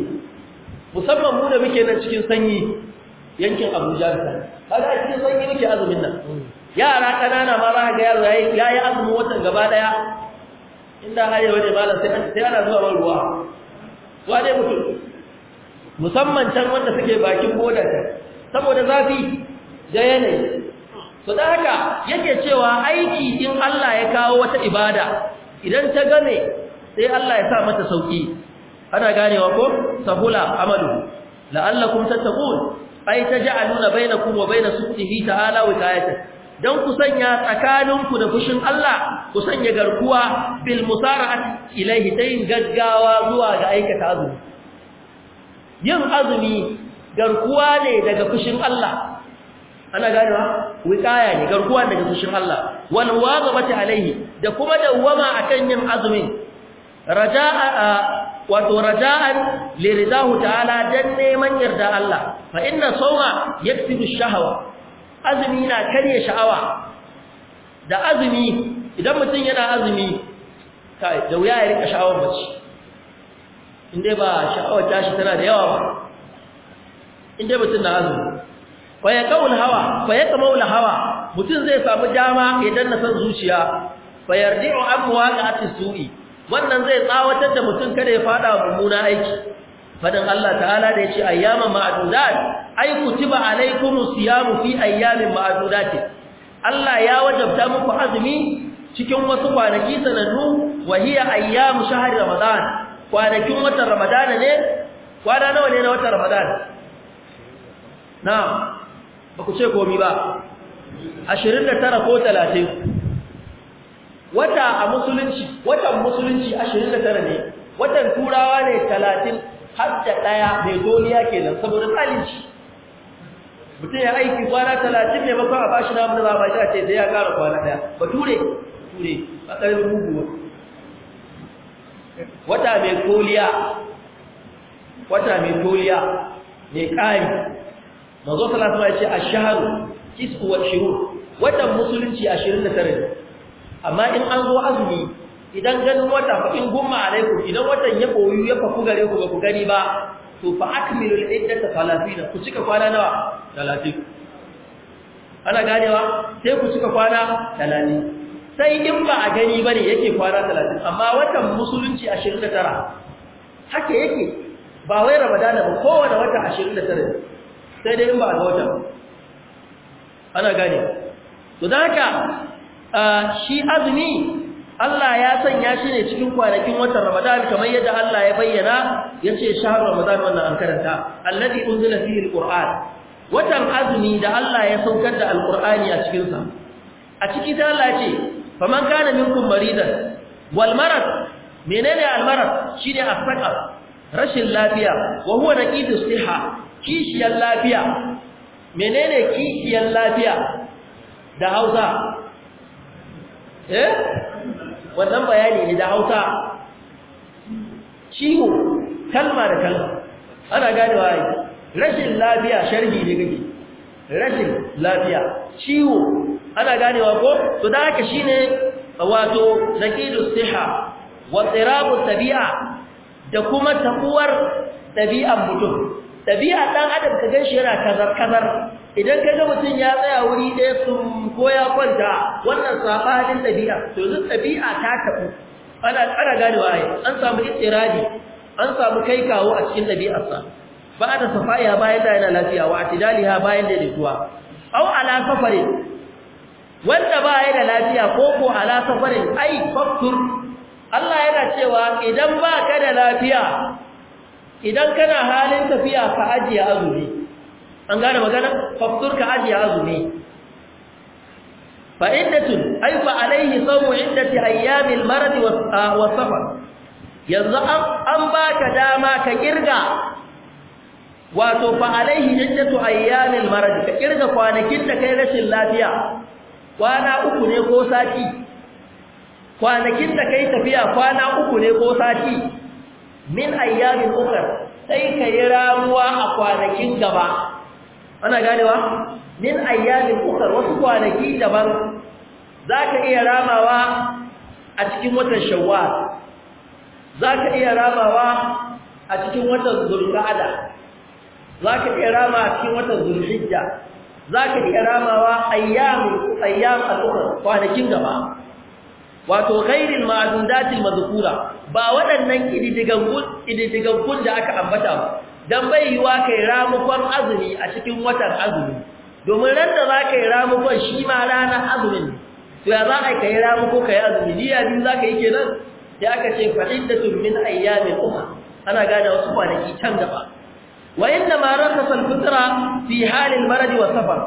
musamman mu da muke nan cikin sanyi yankin abuja da sani kaga cikin sanyi muke azumin nan yara ƙanana ma za ka ga yaro ya yi azumin watan gaba ɗaya inda har yau ne malam sai ana zuwa ruwa ruwa ne mutum musamman can wanda suke bakin boda ta saboda zafi da yanayi to da haka yake cewa aiki in Allah ya kawo wata ibada idan ta game sai Allah ya sa mata sauki ana ganewa ko sahula amalu la'allakum tattaqun ai taj'aluna bainakum wa baina subtihi ta'ala ta'ata dan ku sanya tsakaninku da fushin Allah ku sanya garkuwa bil musara'at ilaihi tayin gaggawa zuwa ga aikata azumi yin azumi garkuwa ne daga fushin Allah ana ganewa wiqaya ne garkuwa daga fushin Allah wal wazabati alaihi da kuma dawama akan yin azumin raja'a wato raja'an liridahu ta'ala dan neman yarda Allah fa inna sawma yaktibu shahawa azumi na karya sha'awa da azumi idan mutum yana azumi kai da wuya ya rika sha'awar bace inde ba sha'awar tashi tana da yawa ba inde mutum na azumi fa yaqul hawa fa yaqmaul hawa mutun zai samu dama idan na san zuciya fa yarji'u ga ati su'i wannan zai tsawatar da mutum kada ya fada wa mummuna aiki fadan Allah ta'ala da yace ayyaman ma'dudat ay kutiba alaykumus siyamu fi ayyamin ma'dudat Allah ya wajabta muku azumi cikin wasu kwanaki sanannu wahiya ayyamu shahr ramadan kwanakin watan ramadan ne kwana nawa ne na watan ramadan na'am baku ce komi ba 29 ko 30 wata a musulunci watan musulunci 29 ne watan turawa ne 30 har da daya mai doliya kenan saboda zalunci mutum ya aiki kwana 30 ne bakon a bashi namu da ba ba shi a ce sai ya kara kwana daya ba ture ture ba kare muguwa wata mai koliya wata mai koliya mai kari manzo sallallahu alaihi wasallam ya ce a shahru tis'u wa watan musulunci 29 ne amma in an zo azumi idan ganin wata fa in gumma alaikum idan watan ya boyu ya faku gare ku ga ku gani ba to fa akmilul iddata 30 ku cika kwana nawa 30 ana ganewa sai ku cika kwana 30 sai in ba a gani bane yake kwana 30 amma watan musulunci 29 haka yake ba wai ramadana ba kowane wata 29 sai dai in ba ga ana gane to da haka shi azumi Allah ya sanya shi ne cikin kwanakin watan Ramadan kamar yadda Allah ya bayyana ce shahrul Ramadan wannan an karanta alladhi unzila fihi alquran watan azumi da Allah ya saukar da alqur'ani a cikin sa a ciki da Allah ce faman kana minkum maridan wal marad menene al marad shine as rashin lafiya wa huwa naqidus siha kishiyar lafiya menene kishiyar lafiya da hausa eh wannan bayani ne da hausa ciwo kalma da kalma ana gane waye rashin lafiya sharhi ne kake rashin lafiya ciwo ana gane wa ko to da haka shine wato naqidu siha wa tirabu tabi'a da kuma takuwar tabi'an mutum ɗabi'a ɗan adam ka gan shi yana kazar-kazar idan ka ga mutum ya tsaya wuri ɗaya sun ko ya kwanta wannan saɓanin ɗabi'a to zan ɗabi'a ta tafi ana ana gani ai an samu istiradi an samu kai kawo a cikin ɗabi'arsa ba da safaya bayan da yana lafiya wa atidaliha bayan da lituwa au ala safarin wanda ba ya lafiya ko ko ala safarin ai faktur Allah yana cewa idan ba ka da lafiya idan kana halin tafiya ka ajiye azumi an gane magana faftur ka ajiye azumi fa iddatun ay fa alayhi sawmu iddati ayyamil marad wa ah, safar yanzu an baka dama ka kirga wato fa alaihi iddatu ayyamil marad ka kirga kwanakin da kai rashin lafiya kwana uku ne ko sati kwanakin da kai tafiya kwana uku ne ko sati min ayyamin ukhra sai ka yi ramuwa a kwanakin gaba ana ganewa min ayyamin ukhra wasu kwanaki daban zaka iya ramawa a cikin watan shawwal zaka iya ramawa a cikin watan zulqa'ada zaka iya rama a cikin watan zulhijja zaka iya ramawa ayyamin ayyam al-ukhra kwanakin gaba wato ghairil ma'dudatil mazkura ba waɗannan kididigaggun kididigaggun da aka ambata ba dan bai yiwa kai ramukon azumi a cikin watan azumi domin ran da za ka yi ramukon shi ma ranar azumin to ya za a kai ramuko kai azumi niyya biyu za ka yi kenan sai aka ce fa iddatun min ayyamin ukhra ana gane wasu kwanaki can gaba wa inna ma rakasa al-fitra fi halil marad wa safar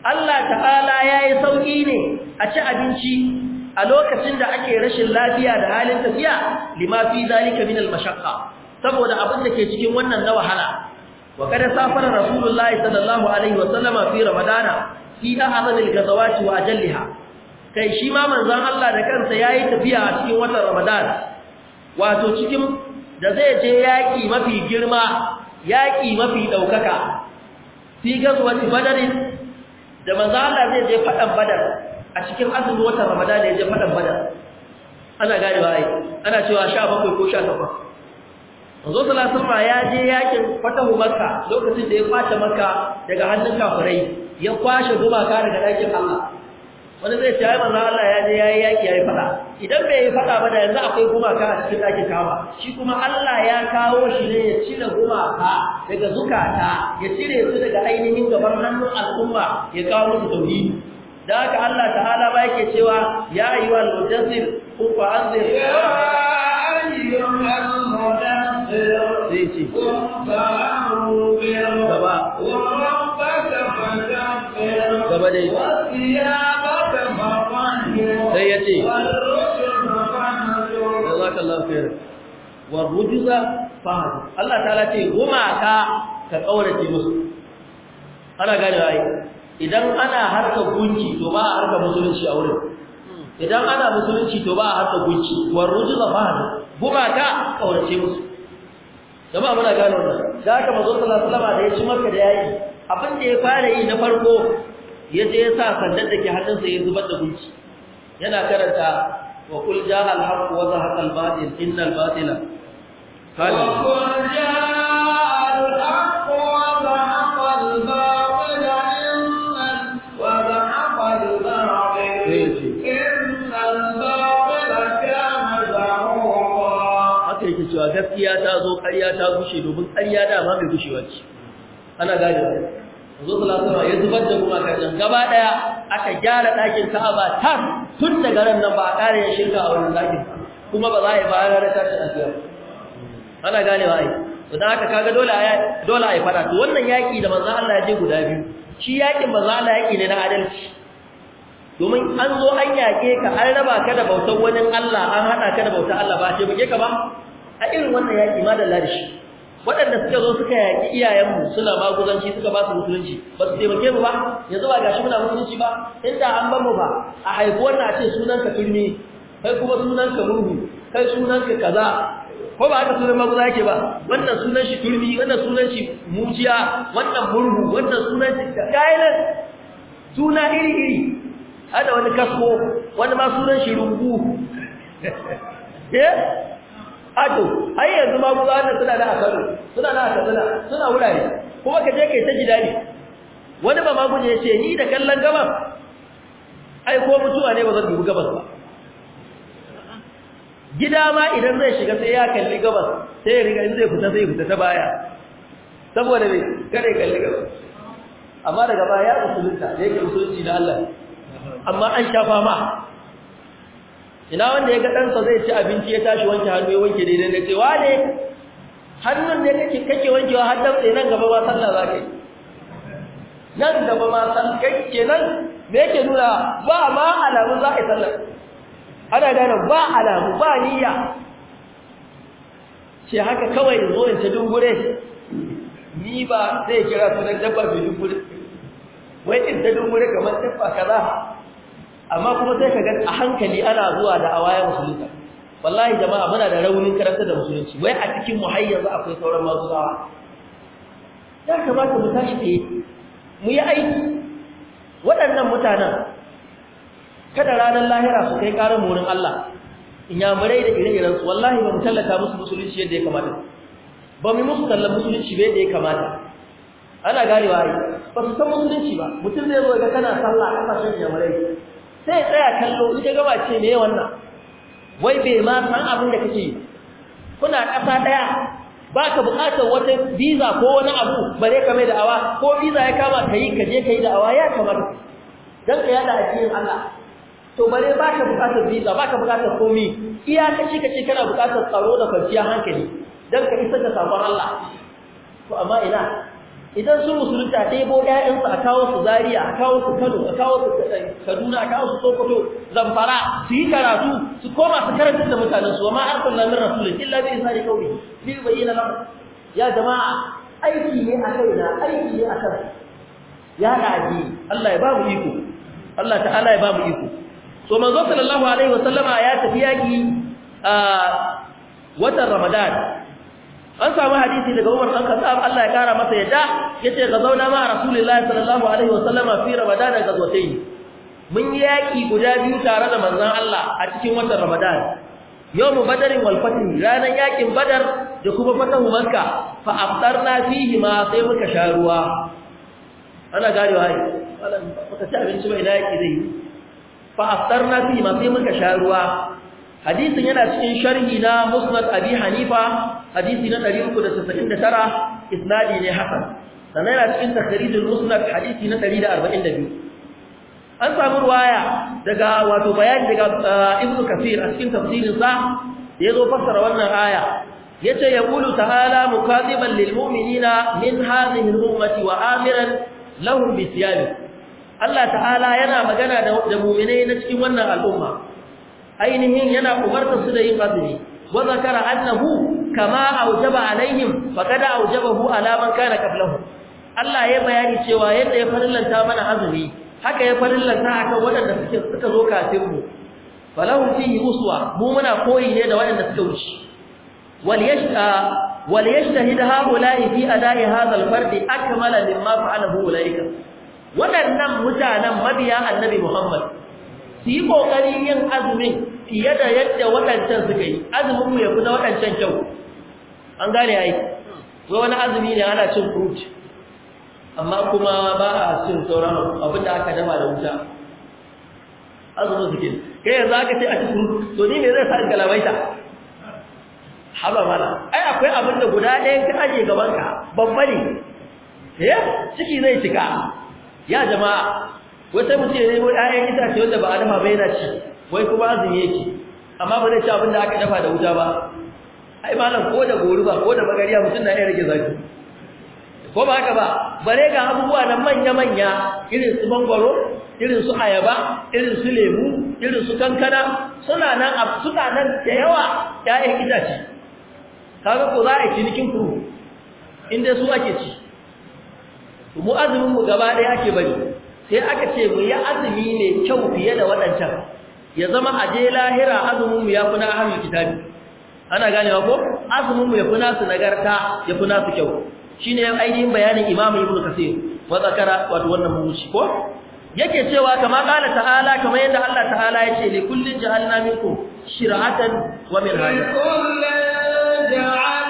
Allah ta'ala yayi sauki ne a ci abinci a lokacin da ake rashin lafiya da halin tafiya limafi fi zalika min al-mashaqqa saboda abin da ke cikin wannan na wahala wa kada safara rasulullahi sallallahu alaihi wa sallama fi Ramadan fi ahzan al-ghazawati wa ajalliha kai shi ma manzon Allah da kansa yayi tafiya a cikin watan ramadan wato cikin da zai je yaki mafi girma yaki mafi daukaka fi gazwati da manzon Allah zai je fadan badar a cikin azumin watan Ramadan ya je fadan badar ana gane ba ana cewa 17 ko 18 Manzo sallallahu alaihi ya je yakin fatahu Makka lokacin da ya kwace Makka daga hannun kafirai ya kwashe gumaka daga dakin Allah wani zai ce ai manzo Allah ya je yayi yaki yayi fada idan bai yi fada ba da yanzu akwai gumaka a cikin dakin Kaaba shi kuma Allah ya kawo shi ne ya cire gumaka daga zukata ya cire su daga ainihin gaban hannun al'umma ya kawo musu tauhidi da haka Allah ta'ala ba yake cewa ya ayyuhal mudaththir qum fa anzir ya ayyuhal mudaththir qum fa anzir sai Allah ta'ala ce ka kaurace musu ana gane ai idan ana harka gunki to ba a harka musulunci a wurin idan ana musulunci to ba a harka gunki ba rujza fahadu ta kaurace musu jama'a muna gano wannan da aka mazo sallallahu alaihi wasallam da ya ci maka da yayi abin da ya fara yi na farko ya je ya sa sandar da ke hannunsa ya zubar da gunki yana karanta wa kul jaa al-haqq wa zahaqa al-batil innal batila kana gaskiya ta zo ƙarya ta gushe domin ƙarya dama mai gushewa ce ana gane ba zo sallallahu ya zubar da kuma kan gaba daya aka gyara ɗakin Ka'aba ta tun daga ran nan ba a ƙara yin shirka a wannan ɗakin kuma ba za a yi ba ranar a asiya ana gane ba ai idan aka kaga dole a dole a yi fada to wannan yaki da manzo Allah ya je guda biyu shi yakin manzo Allah yaki ne na adalci domin an zo an yaƙe ka an raba ka da bautar wani Allah an haɗa ka da bautar Allah ba ce buge ka ba a irin wannan yaƙi, ma da larishi waɗanda suka zo suka yaki iyayenmu suna maguzanci suka ba su musulunci ba su taimake mu ba yanzu ba gashi muna musulunci ba inda an ban mu ba a haifi wannan a ce sunanka turmi kai kuma sunanka murhu kai sunanka kaza ko ba haka sunan maguza yake ba wannan sunan shi turmi wannan sunan shi mujiya wannan murhu wannan sunan shi kayan suna iri iri ada wani kasko wani ma sunan shi rungu eh ato ai yanzu ma ku wannan suna da asaru suna da akazina suna wurare kuma ka je kai ta gidani wani ba magun ya ce ni da kallon gabas ai ko mutuwa ne ba zan dubi gabas ba gida ma idan zai shiga sai ya kalli gaba sai ya riga in zai fita sai ya fita ta baya saboda me kare kalli gabas amma daga baya ya usulunta da yake usulunci da Allah amma an shafa ma ina wanda ya ga ɗansa zai ci abinci ya tashi wanke hannu ya wanke dai da ce ne hannun ne kake kake wankewa har dabtse nan gaba ma sallah za yi nan gaba ma san kai nan me yake nuna ba ma alamu za a sallah ana gane ba alamu ba niyya ce haka kawai in zo in ta dungure ni ba zai kira sunan dabba bi dungure wai in ta dungure kamar dabba kaza amma kuma sai ka ga a hankali ana zuwa da awaye musulunta wallahi jama'a muna da raunin karanta da musulunci wai a cikin muhayyar har akwai sauran masu sawa ya kamata mu tashi ke mu yi aiki waɗannan mutanen kada ranar lahira su kai ƙarar murin Allah inyamurai da ire-irensu wallahi ba mu tallata musu musulunci yadda ya kamata ba mu musu tallan musulunci ba yadda ya kamata ana ganewa ba su san musulunci ba mutum zai zo ga kana sallah a kasashen inyamurai sai tsaya kallo in gaba ce me wannan wai bai ma san abin da kake yi kuna ƙasa ɗaya ba ka buƙatar wata visa ko wani abu bare ka mai awa ko visa ya kama ka yi ka je ka yi awa? ya kamata don ka yada a cikin Allah to bare ba ka buƙatar visa ba ka buƙatar komi iya ka shi ka ce kana buƙatar tsaro da kwanciya hankali don ka isa ka samu Allah to amma ina idan sun musulunta a ɗebo ‘ya'yansu a kawo su Zariya, a kawo su kano a kawo su kaduna a kawo su sokoto zamfara su yi karatu su koma su karantar da mutanen su wa ma arkan lamin rasulun illa bai isa ne kawai bi bai yi na lamar ya jama'a aiki ne a kai na aiki ne a kan ya ɗaji allah ya ba mu iko allah ala ya ba mu iko so manzo sallallahu alaihi wasallama ya tafi yaƙi a ah, watan ramadan an samu hadisi daga Umar dan Khattab Allah ya kara masa yadda yace ga zauna ma Rasulullahi sallallahu alaihi wasallam fi Ramadan gazwatayn mun yaki guda biyu tare da manzon Allah a cikin watan Ramadan yawmu badarin wal fath ranan yakin badar da kuma fatahu makka fa aftarna fihi ma sai muka sharuwa. ruwa ana gari wai wannan baka ci abinci mai ina yake dai fa aftarna fihi ma sai muka sharuwa. ruwa hadisin yana cikin sharhi na Musnad Abi Hanifa hadisi na 399 isnadi ne hasan sannan yana cikin takharijul musnad hadisi na 142 an samu ruwaya daga wato bayani daga uh, ibnu kafir a cikin tafsirin sa yazo fassara wannan aya yace yaqulu ta'ala mukatiban lil mu'minina min hadhihi ummati wa amiran lahum bi Allah ta'ala yana magana da mu'minai na cikin wannan al'umma ainihin yana umarta su da yin azumi wa zakara annahu kama aujaba alaihim faqad aujabahu ala man kana qablahu Allah ya bayani cewa yadda ya farillanta mana azumi haka ya farillanta akan waɗanda suke suka zo kafin mu falahu fihi uswa mu muna koyi ne da waɗanda suka wuce wal yashta wal yashtahid haula'i fi ada'i hadha al akmala mimma fa'alahu ulaika waɗannan mutanen mabiya annabi Muhammad su yi kokarin yin azumin fiye da yadda waɗancan suka yi azumin mu ya fi na waɗancan kyau an gane yi wai wani azumi ne ana cin fruit amma kuma ba a cin sauran abin da aka dama da wuta azumin suke kai yanzu aka ce a ci fruit to ni ne zai sa in galabaita haba mana ai akwai abin da guda ɗaya ka aje gaban ka babba ne eh ciki zai cika ya jama'a Wai wata mutum ya nemo ɗayan itace wanda ba a dafa ba yana ci wai kuma azumi yake amma ba zai ci abin da aka dafa da wuta ba ai malam ko da gori ba ko da bagariya mutum na iya rage zafi ko ba haka ba bare ga abubuwa na manya manya irin su mangwaro irin su ayaba irin su lemu irin su kankana suna nan a suka nan da yawa ya yi itace kaga ko za a yi cinikin kuru inda su ake ci mu azumin mu gaba ɗaya ake bari sai aka ce mu yi azumi ne kyau fiye da waɗancan ya zama a je lahira azumin mu ya fi na ahlul kitabi ana ganewa ko azumin mu ya yafi nasu nagarta ya yafi nasu kyau shine ainihin bayanin imamu ibn kasir wa zakara wato wannan mumuci ko yake cewa kama qala ta'ala kama yadda Allah ta'ala yace li kullin ja'alna minkum shir'atan wa minhaja kullin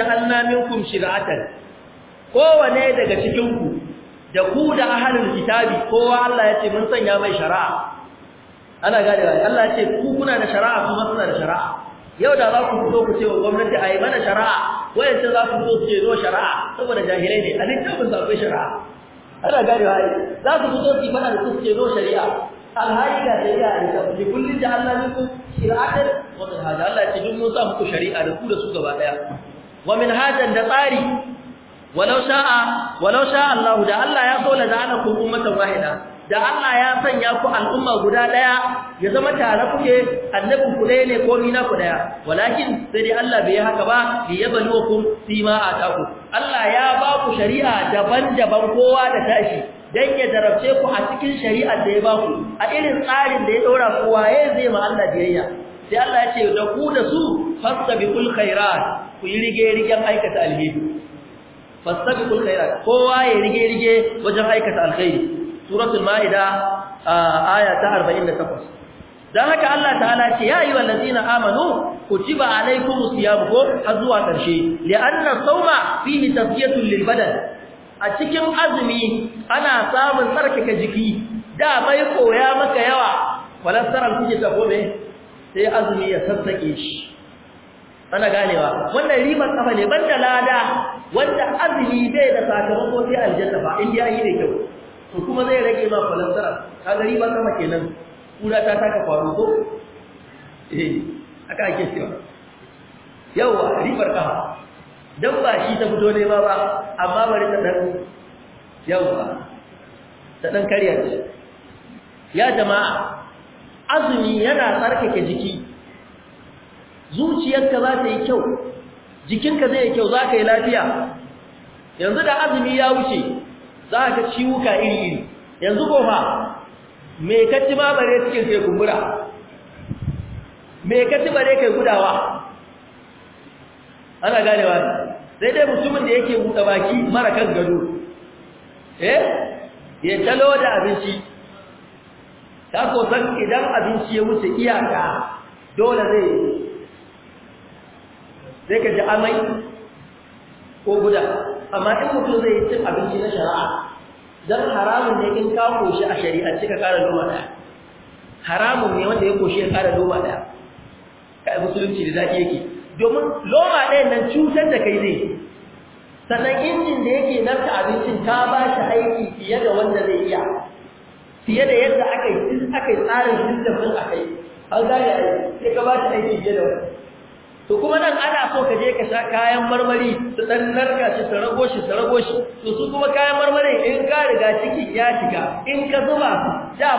ja'alna minkum shir'atan kowane daga cikinku da ku da ahlul kitabi kowa Allah ya ce mun sanya mai shari'a ana gane ba Allah ya ce ku kuna da shari'a kuma kuna da shari'a yau da za ku fito ku ce wa gwamnati a yi mana shari'a wayan sai za ku fito ce zo shari'a saboda jahilai ne a littafin sa akwai shari'a ana gane ba za ku fito su mana da ku ce zo shari'a alhali ga shari'a a littafin da kullum da Allah ne ku shari'a da wannan hada Allah ya ce duk mun sa muku shari'a da ku da su gaba daya wa minhajan da tsari walau sha'a walau sha'a Allah da Allah ya so lazana ku ummatan wahida da Allah ya sanya ku al'umma guda daya ya zama tare kuke annabin ku ne ko mina ku daya walakin sai dai Allah bai haka ba li yabluwakum sima ataku Allah ya ba ku shari'a daban-daban kowa da tashi dan ya darabce ku a cikin shari'ar da ya ba ku a irin tsarin da ya dora ku waye zai ma Allah biyayya sai Allah ya ce da ku da su fastabiqul khairat ku yi rige-rigen aikata alheri fastabiqul khairat kowa ya rige-rige wajen aikata alheri suratul maida aya ta 48 dan haka Allah ta'ala ce ya ayyuhal ladina amanu kutiba alaykumus siyam ko har zuwa karshe li'anna sawma fihi tafiyatun lil badan a cikin azumi ana samun tsarkake jiki da mai koya maka yawa walasaran alkuje ta gobe sai azumi ya sassake shi ana ganewa wannan riban kafa ne banda lada wanda azumi bai da sakamako sai aljanna ba in ya yi da kyau to kuma zai rage ma falantara kaga riban kafa kenan kura ta taka faru ko eh aka ake cewa yawa ribar kafa dan ba shi ta fito ne ba ba amma bari ta dan yawa ta dan kariya ce ya jama'a azumi yana tsarkake jiki zuciyarka za ta yi kyau jikinka zai yi kyau za ka yi lafiya yanzu da azumi ya wuce za ka ciwuka iri-iri yanzu goma mai kaci ma bare cikin sai kumbura mai kaci bare kai gudawa ana ganewa sai dai mutumin da yake buɗe baki mara kan gado eh ya talo da abinci ta ko san idan abinci ya wuce iyaka dole zai sai ka ji amai ko guda amma in mutum zai yi cin abinci na shari'a don haramun ne in ka koshi a shari'a cika kara noma daya haramun ne wanda ya koshi ya kara noma daya yi musulunci da zaki yake domin loma ɗayan nan cutar da kai zai sannan injin da yake narka abincin ta ba shi aiki fiye da wanda zai iya fiye da yadda aka yi tsarin system din aka yi an gane sai ka ba shi aiki fiye da wanda to kuma nan ana so ka je ka sha kayan marmari su dan narka shi su rago shi su rago shi to su kuma kayan marmari in ka riga ciki ya shiga in ka zuba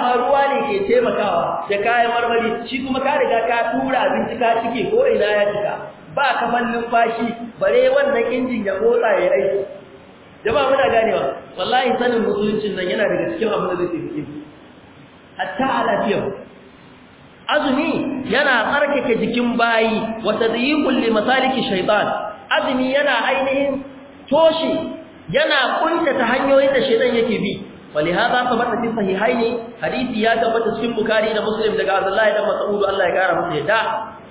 ma ruwa ne ke taimakawa da kayan marmari shi kuma ka riga ka tura abinci ka cike ko ina ya cika ba kamar numfashi bare wannan injin ya motsa ya aiki jama'a muna ganewa wallahi sanin musuluncin nan yana daga cikin abin da zai taimake hatta a lafiyar azumi yana tsarkake jikin bayi wa tadyiqul li masaliki shaytan azumi yana ainihin toshi yana kunta ta hanyoyin da shaytan yake bi ولهذا ثبت في الصحيحين حديث يا ثبت في البخاري ده مسلم ده عبد الله بن مسعود الله يغفر له يدا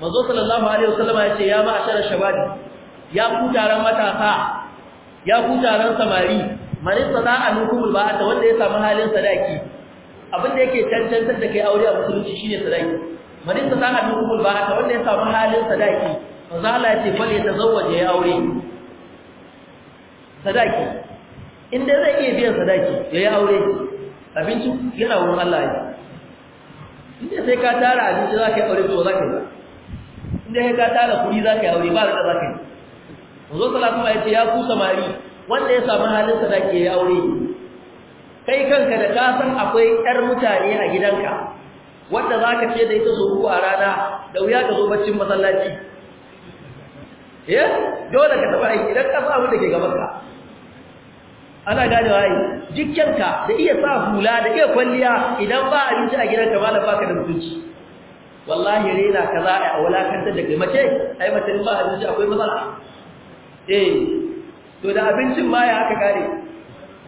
manzo sallallahu alaihi wasallam ya ce ya ma'ashara shababi ya ku taron matasa ya ku taron samari man istata'a minkum alba'ata wanda ya samu halin sadaki abin da yake cancantar da kai aure a musulunci shine sadaki man istata'a minkum ba baata wanda ya samu halin sadaki manzo Allah ya ce fal yatazawwaj ya aure sadaki inda zai iya biyan sadaki ya yi aure abinci yana wurin Allah ne inda sai ka tara abinci za ka yi aure to za ka yi inda sai ka tara kuɗi za ka yi aure ba da za ka yi manzo ta ya ce ya ku samari wanda ya samu halin sadaki ya yi aure kai kanka da ka san akwai ƴar mutane a gidanka wanda za ka ce da ita su uku a rana da wuya ka zo baccin masallaci eh dole ka taɓa aiki idan ƙasa abin da ke gabanka ana gane yi jikinka da iya sa hula da iya kwalliya idan ba abinci a gidanka ba na baka da mutunci wallahi rena za a wulakantar da kai mace ai mace ba abinci akwai matsala eh to da abincin ma ya haka kare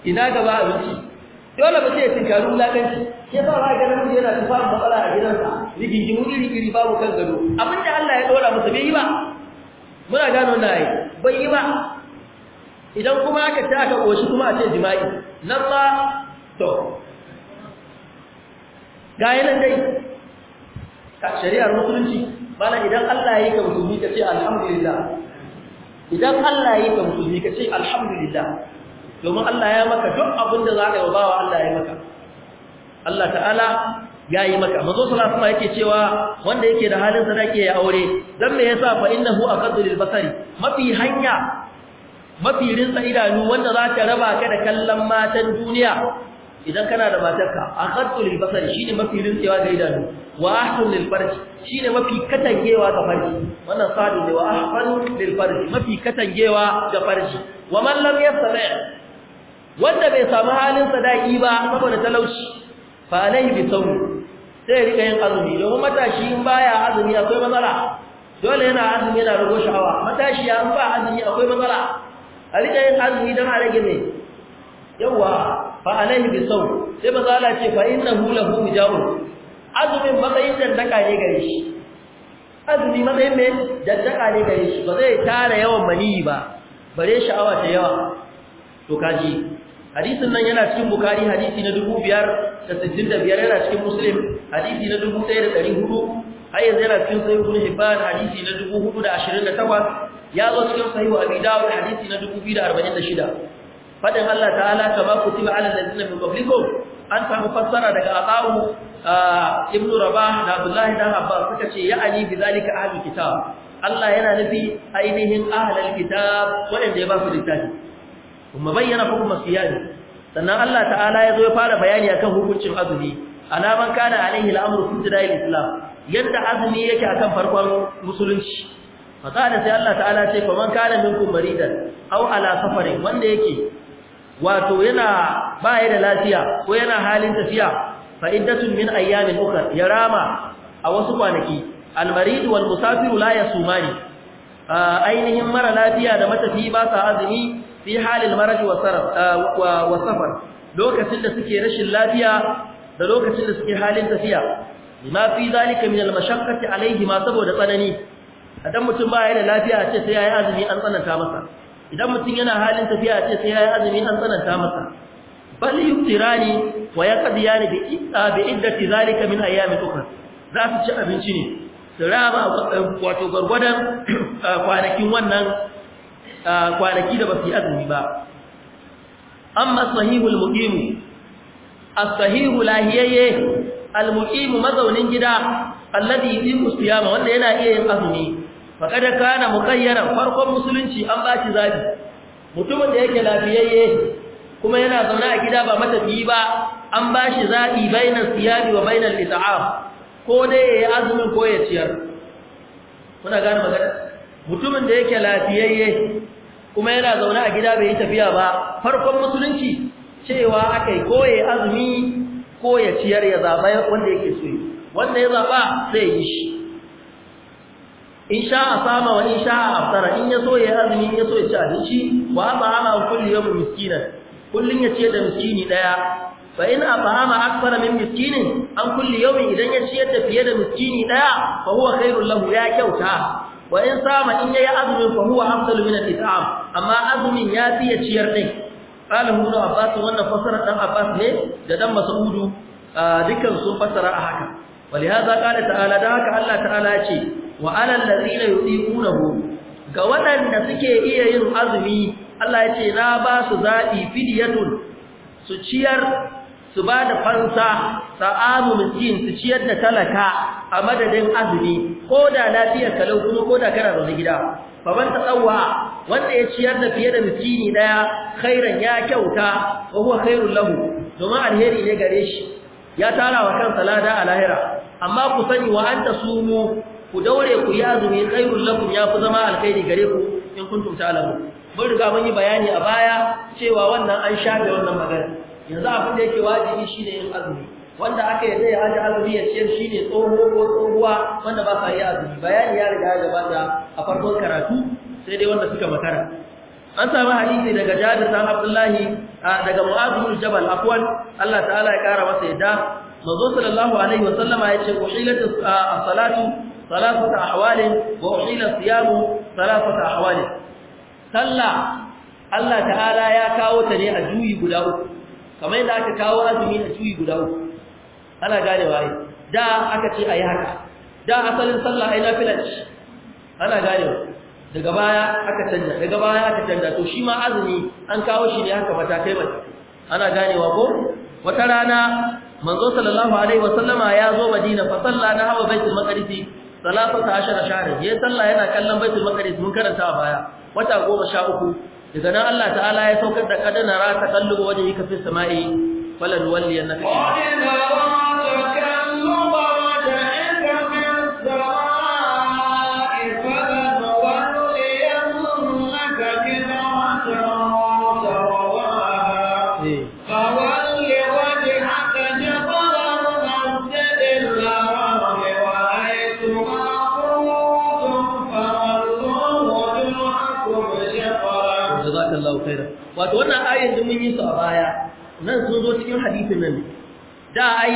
ina gaba abinci dole ba sai ya tinkari wulaƙanci ke ba ba ga namiji yana ta fara matsala a gidansa rigingimu iri iri babu kan gado da Allah ya ɗora masa bai yi ba muna gano na yi bai yi ba idan kuma aka ta aka kuma a ce jima'i nan ma to ga yana dai ka shari'ar musulunci bana idan Allah ya yi ka musulmi ka ce alhamdulillah idan Allah ya yi ka musulmi ka ce alhamdulillah domin Allah ya maka duk abin da za ka yi bawa Allah ya maka Allah ta'ala ya yi maka mazo sallallahu yake cewa wanda yake da halin sadaki ya aure dan me yasa fa innahu aqaddu lil basari mafi hanya mafi rinsa idanu wanda za ta raba ka da kallon matan duniya idan kana da matarka aqaddu lil basari shine mafi rintsewa ga idanu wa ahsan farji shine mafi katangewa ga farji wannan sadu ne wa ahsan farji mafi katangewa ga farji wa man lam yastami' wanda bai samu halin sadaki ba saboda talauci fa alaihi bi sawm sai rika yin azumi don matashi in baya azumi akwai matsala dole yana azumi yana rago sha'awa matashi ya ba azumi akwai matsala a rika yin azumi don a rage ne yawa fa alaihi bi sawm sai maza ce fa hu lahu wijabun azumin matsayin dandaka ne gare shi azumi matsayin me dandaka ne gare shi ba zai tara yawan maniyi ba bare sha'awa ta yawa to kaji hadisin nan yana cikin bukari hadisi na 5,065 yana cikin muslim hadisi na 1,400 har yanzu yana cikin sahihu ibn hibban hadisi na 428 ya zo cikin sahihu abi dawud hadisi na 2,046 fadin Allah ta'ala kama kutiba ala allazina min qablikum an samu fassara daga aqawu ah, ibn rabah da abdullah dan abbas suka ce ya ali bi zalika ahlul kitab Allah yana nufi ainihin ahlul kitab wanda ya ba su littafi kuma bayyana hukumar siyani sannan Allah ta'ala ya zo ya fara bayani akan hukuncin azumi ban kana alaihi al'amru fi tidayil islam yadda azumi yake akan farkon musulunci kana sai Allah ta'ala ce faman kana minkum maridan aw ala safarin wanda yake wato yana baya da lafiya ko yana halin tafiya fa iddatun min ayyamin ukhra yarama a wasu kwanaki marid wal musafiru la yasumani ah, ainihin mara lafiya da matafi ba sa azumi fi halil marad ah, wa wa safar lokacin da suke rashin lafiya da lokacin da suke halin tafiya lima fi zalika min al-mashaqqati alayhi ma saboda tsanani idan mutum ba yana lafiya ce sai yayi azumi an tsananta masa idan mutum yana halin tafiya ce sai yayi azumi an tsananta masa bal yuftirani wa yaqdiyani bi idda bi iddati zalika min ayami ukhra za su ci abinci ne su raba wato gurgurdan ah, kwanakin wannan kwanaki da ba yi azumi ba amma sahihul muqim as-sahihu lahiyayye al muqim mazaunin gida alladhi yuqimu siyama wanda yana iya yin azumi kada kana muqayyaran farkon musulunci an ba shi zabi mutumin da yake lafiyayye kuma yana zaune a gida ba matafiyi ba an ba shi zabi bainas siyami wa bainal it'am ko dai ya azumin ko ya ciyar kuna gane magana mutumin da yake lafiyayye kuma yana zaune a gida bai yi tafiya ba farkon musulunci cewa akai koye azumi ko ya ciyar ya zaɓa wanda yake so yi, wanda ya zaɓa sai yi shi insha a sama wa insha a aftara in ya so ya azumi in ya so ya ci abinci a wa at'ama kulli yawmin miskinan kullun ya ciyar da miskini ɗaya. fa in at'ama akthara min miskinin an kulli yau idan ya ciyar da fiye da miskini ɗaya, fa huwa kairun lahu ya kyauta wa in sama in yayi azumin fa huwa afdalu min al-it'am amma azumin ya fi ya ciyar din qala ibn abbas wannan fasara dan abbas ne da dan mas'udu ah, dukkan sun fasara a haka walihaza qala ta'ala da haka Allah ta'ala ya ce wa alal ladina yudiqunahu ga waɗanda suke iya yin azumi Allah ya ce na ba su zabi fidiyatun su ciyar su ba da fansa sa'amu miskin su ciyar da talaka a madadin azumi ko da lafiyar kalau kuma ko da kana zaune gida faman tsawwa wanda ya ciyar da fiye da miskini daya khairan ya kyauta wa huwa khairul lahu domin alheri ne gare shi ya tara wa kansa lada a lahira amma ku sani wa an tasumu ku daure ku yi azumi khairul lahu ya fi zama alkhairi gare ku in kuntum ta'lamu mun riga mun yi bayani a baya cewa wannan an shafe wannan magana yanzu abin da yake wajibi shine yin azumi wanda aka yarda ya aje azumi ya ciyar shine tsoho ko tsohuwa wanda ba sa yi azumi bayani ya riga ya gabata a farkon karatu sai dai wanda suka makara an samu hadisi daga Jabir san Abdullahi daga Mu'adh Jabal afwan Allah ta'ala ya kara masa yadda manzo sallallahu alaihi wasallama ya ce uhilatu as-salatu salatu ahwali wa uhila siyamu salatu ahwali sallah Allah ta'ala ya kawo ta ne a juyi guda uku kamar yadda aka kawo azumi a juyi guda uku ana gane waye da aka ce a yi haka da asalin sallah ai nafila ce ana wa. daga baya aka canja daga baya aka canja to shi ma azumi an kawo shi ne haka matakai matakai ana gane wa. ko wata rana manzo sallallahu alaihi wasallama ya zo madina fa salla na hawa baitul maqdis salatu 10 shahr ya salla yana kallon baitul maqdis mun karanta a baya wata 13 daga nan Allah ta'ala ya saukar da kadana ra ta kallubu wajhika fis sama'i falan walli annaka zo cikin hadisin nan da ai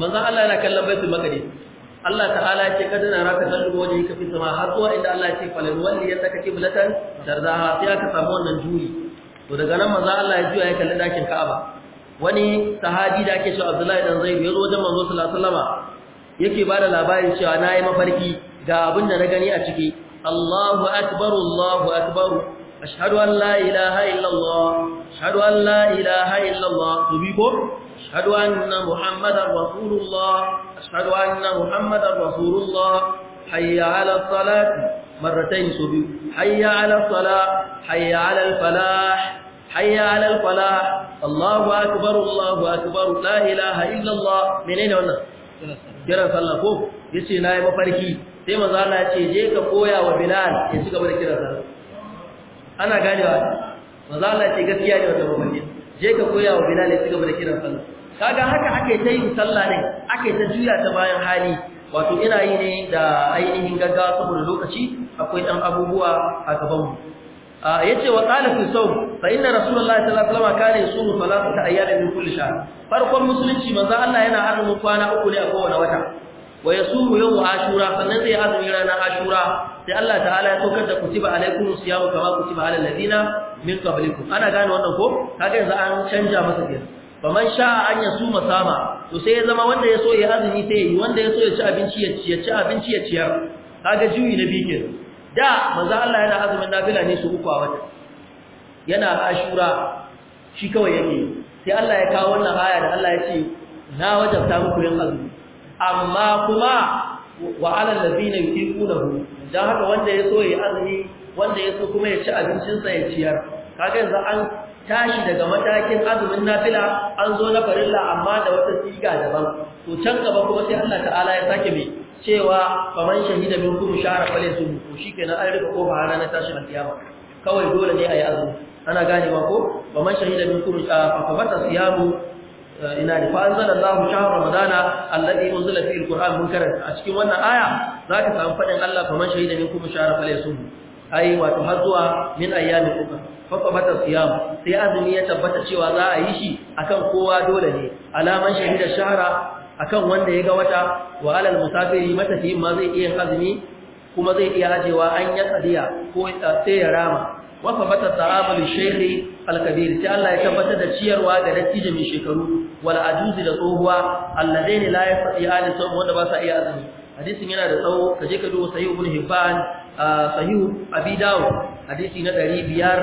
manzon Allah yana kallon baitul maqdis Allah ta'ala ya ce kada na raka kallu waje ka fi sama har zuwa inda Allah ya ce falal walli ya saka kiblatan tarzaha sai aka samu wannan juri to daga nan manzon Allah ya juya ya kalli dakin Ka'aba wani sahabi da ake cewa Abdullahi dan Zaid ya zo wajen manzon sallallahu alaihi wasallama yake bada labarin cewa nayi mafarki ga abin da na gani a ciki Allahu akbar Allahu akbar ashhadu an la ilaha illallah ashhadu an la ilaha illallah tubi ko ashhadu anna muhammadar rasulullah ashhadu anna muhammadar rasulullah hayya ala salati marratayn tubi hayya ala sala hayya ala al hayya ala al falah allahu akbar allahu akbar la ilaha illallah menene wannan jira sallah ko yace nayi mafarki sai manzo Allah je ka koya wa bilal ya ci gaba da kira manzo Allah ce gaskiya ne wannan hukunci je ka koya wa Bilal ya ci gaba da kiran sallah kaga haka ake ta yin sallah ne ake ta juya ta bayan hali wato ina yi ne da ainihin gaggawa saboda lokaci akwai dan abubuwa a gaban mu yace wa qala fi fa inna rasulullahi sallallahu alaihi wasallam kana yusumu salatata ayyamin min kulli shahr farkon musulunci manzo Allah yana azumin kwana uku ne a kowane wata wa yasumu yawm ashura sannan zai azumi ranar ashura sai Allah ta'ala ya saukar da kutiba alaikum siyamu kama kutiba alal ladina min qablikum ana gane wannan ko kaga yanzu an canja masa kenan faman sha'a an yasu masama to sai ya zama wanda ya so ya azumi sai yi wanda ya so ya ci abinci ya ci ya ci abinci ya ciyar kaga juyi na biyu da manzo Allah yana azumin nafila ne su uku a wata yana ashura shi kawai yake sai Allah ya kawo wannan aya da Allah ya ce na wajabta muku yin azumi amma kuma wa alal na yuqinuhu dan haka wanda ya so ya azumi wanda ya so kuma ya ci abincinsa ya ciyar kaga yanzu an tashi daga matakin azumin nafila an zo na farilla amma da wata siga daban to can gaba kuma sai Allah ta'ala ya sake mai cewa man shahida minkum shahra bi to shikenan an rika kofa har na tashi kiyama kawai dole ne ayi azumi ana gane ba ko man shahida minkum fa fabata siyamu eh, ina da fa anzala Allahu shahra ramadana alladhi unzila fihi alquran munkar a cikin wannan aya zaka samu fadin Allah man shahida minkum shahra falyasum ai wato har zuwa min ayyamin uku faqabata siyam sai azumi ya tabbata cewa za a yi shi akan kowa dole ne alaman shahida shahara akan wanda ya ga wata wa alal musafiri matafiyin ma zai iya azumi kuma zai iya ajewa an ya kadiya ko eh, sai ya rama wa faqata ta'amul shaykhi alkabir sai Allah ya tabbatar da ciyarwa ga dattijo mai shekaru wal ajuzi da tsohuwa alladaini la yastati'ani sawm wanda ba sa iya azumi hadisin yana da tsawo kaje ka duba sahih ibn hibban sahihu abi dawo hadisi na ɗari biyar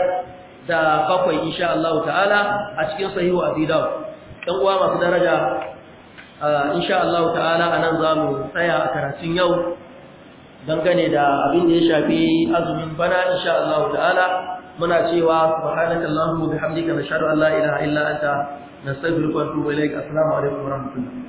da bakwai insha Allah ta'ala a cikin sahihu abi dawo ɗan uwa masu daraja insha Allah ta'ala a nan za mu tsaya a karatun yau dangane da abin da ya shafi azumin bana insha Allah ta'ala muna cewa subhanakallahumma bihamdika nashhadu an la ilaha illa anta nastaghfiruka wa atubu ilaik assalamu alaikum wa rahmatullahi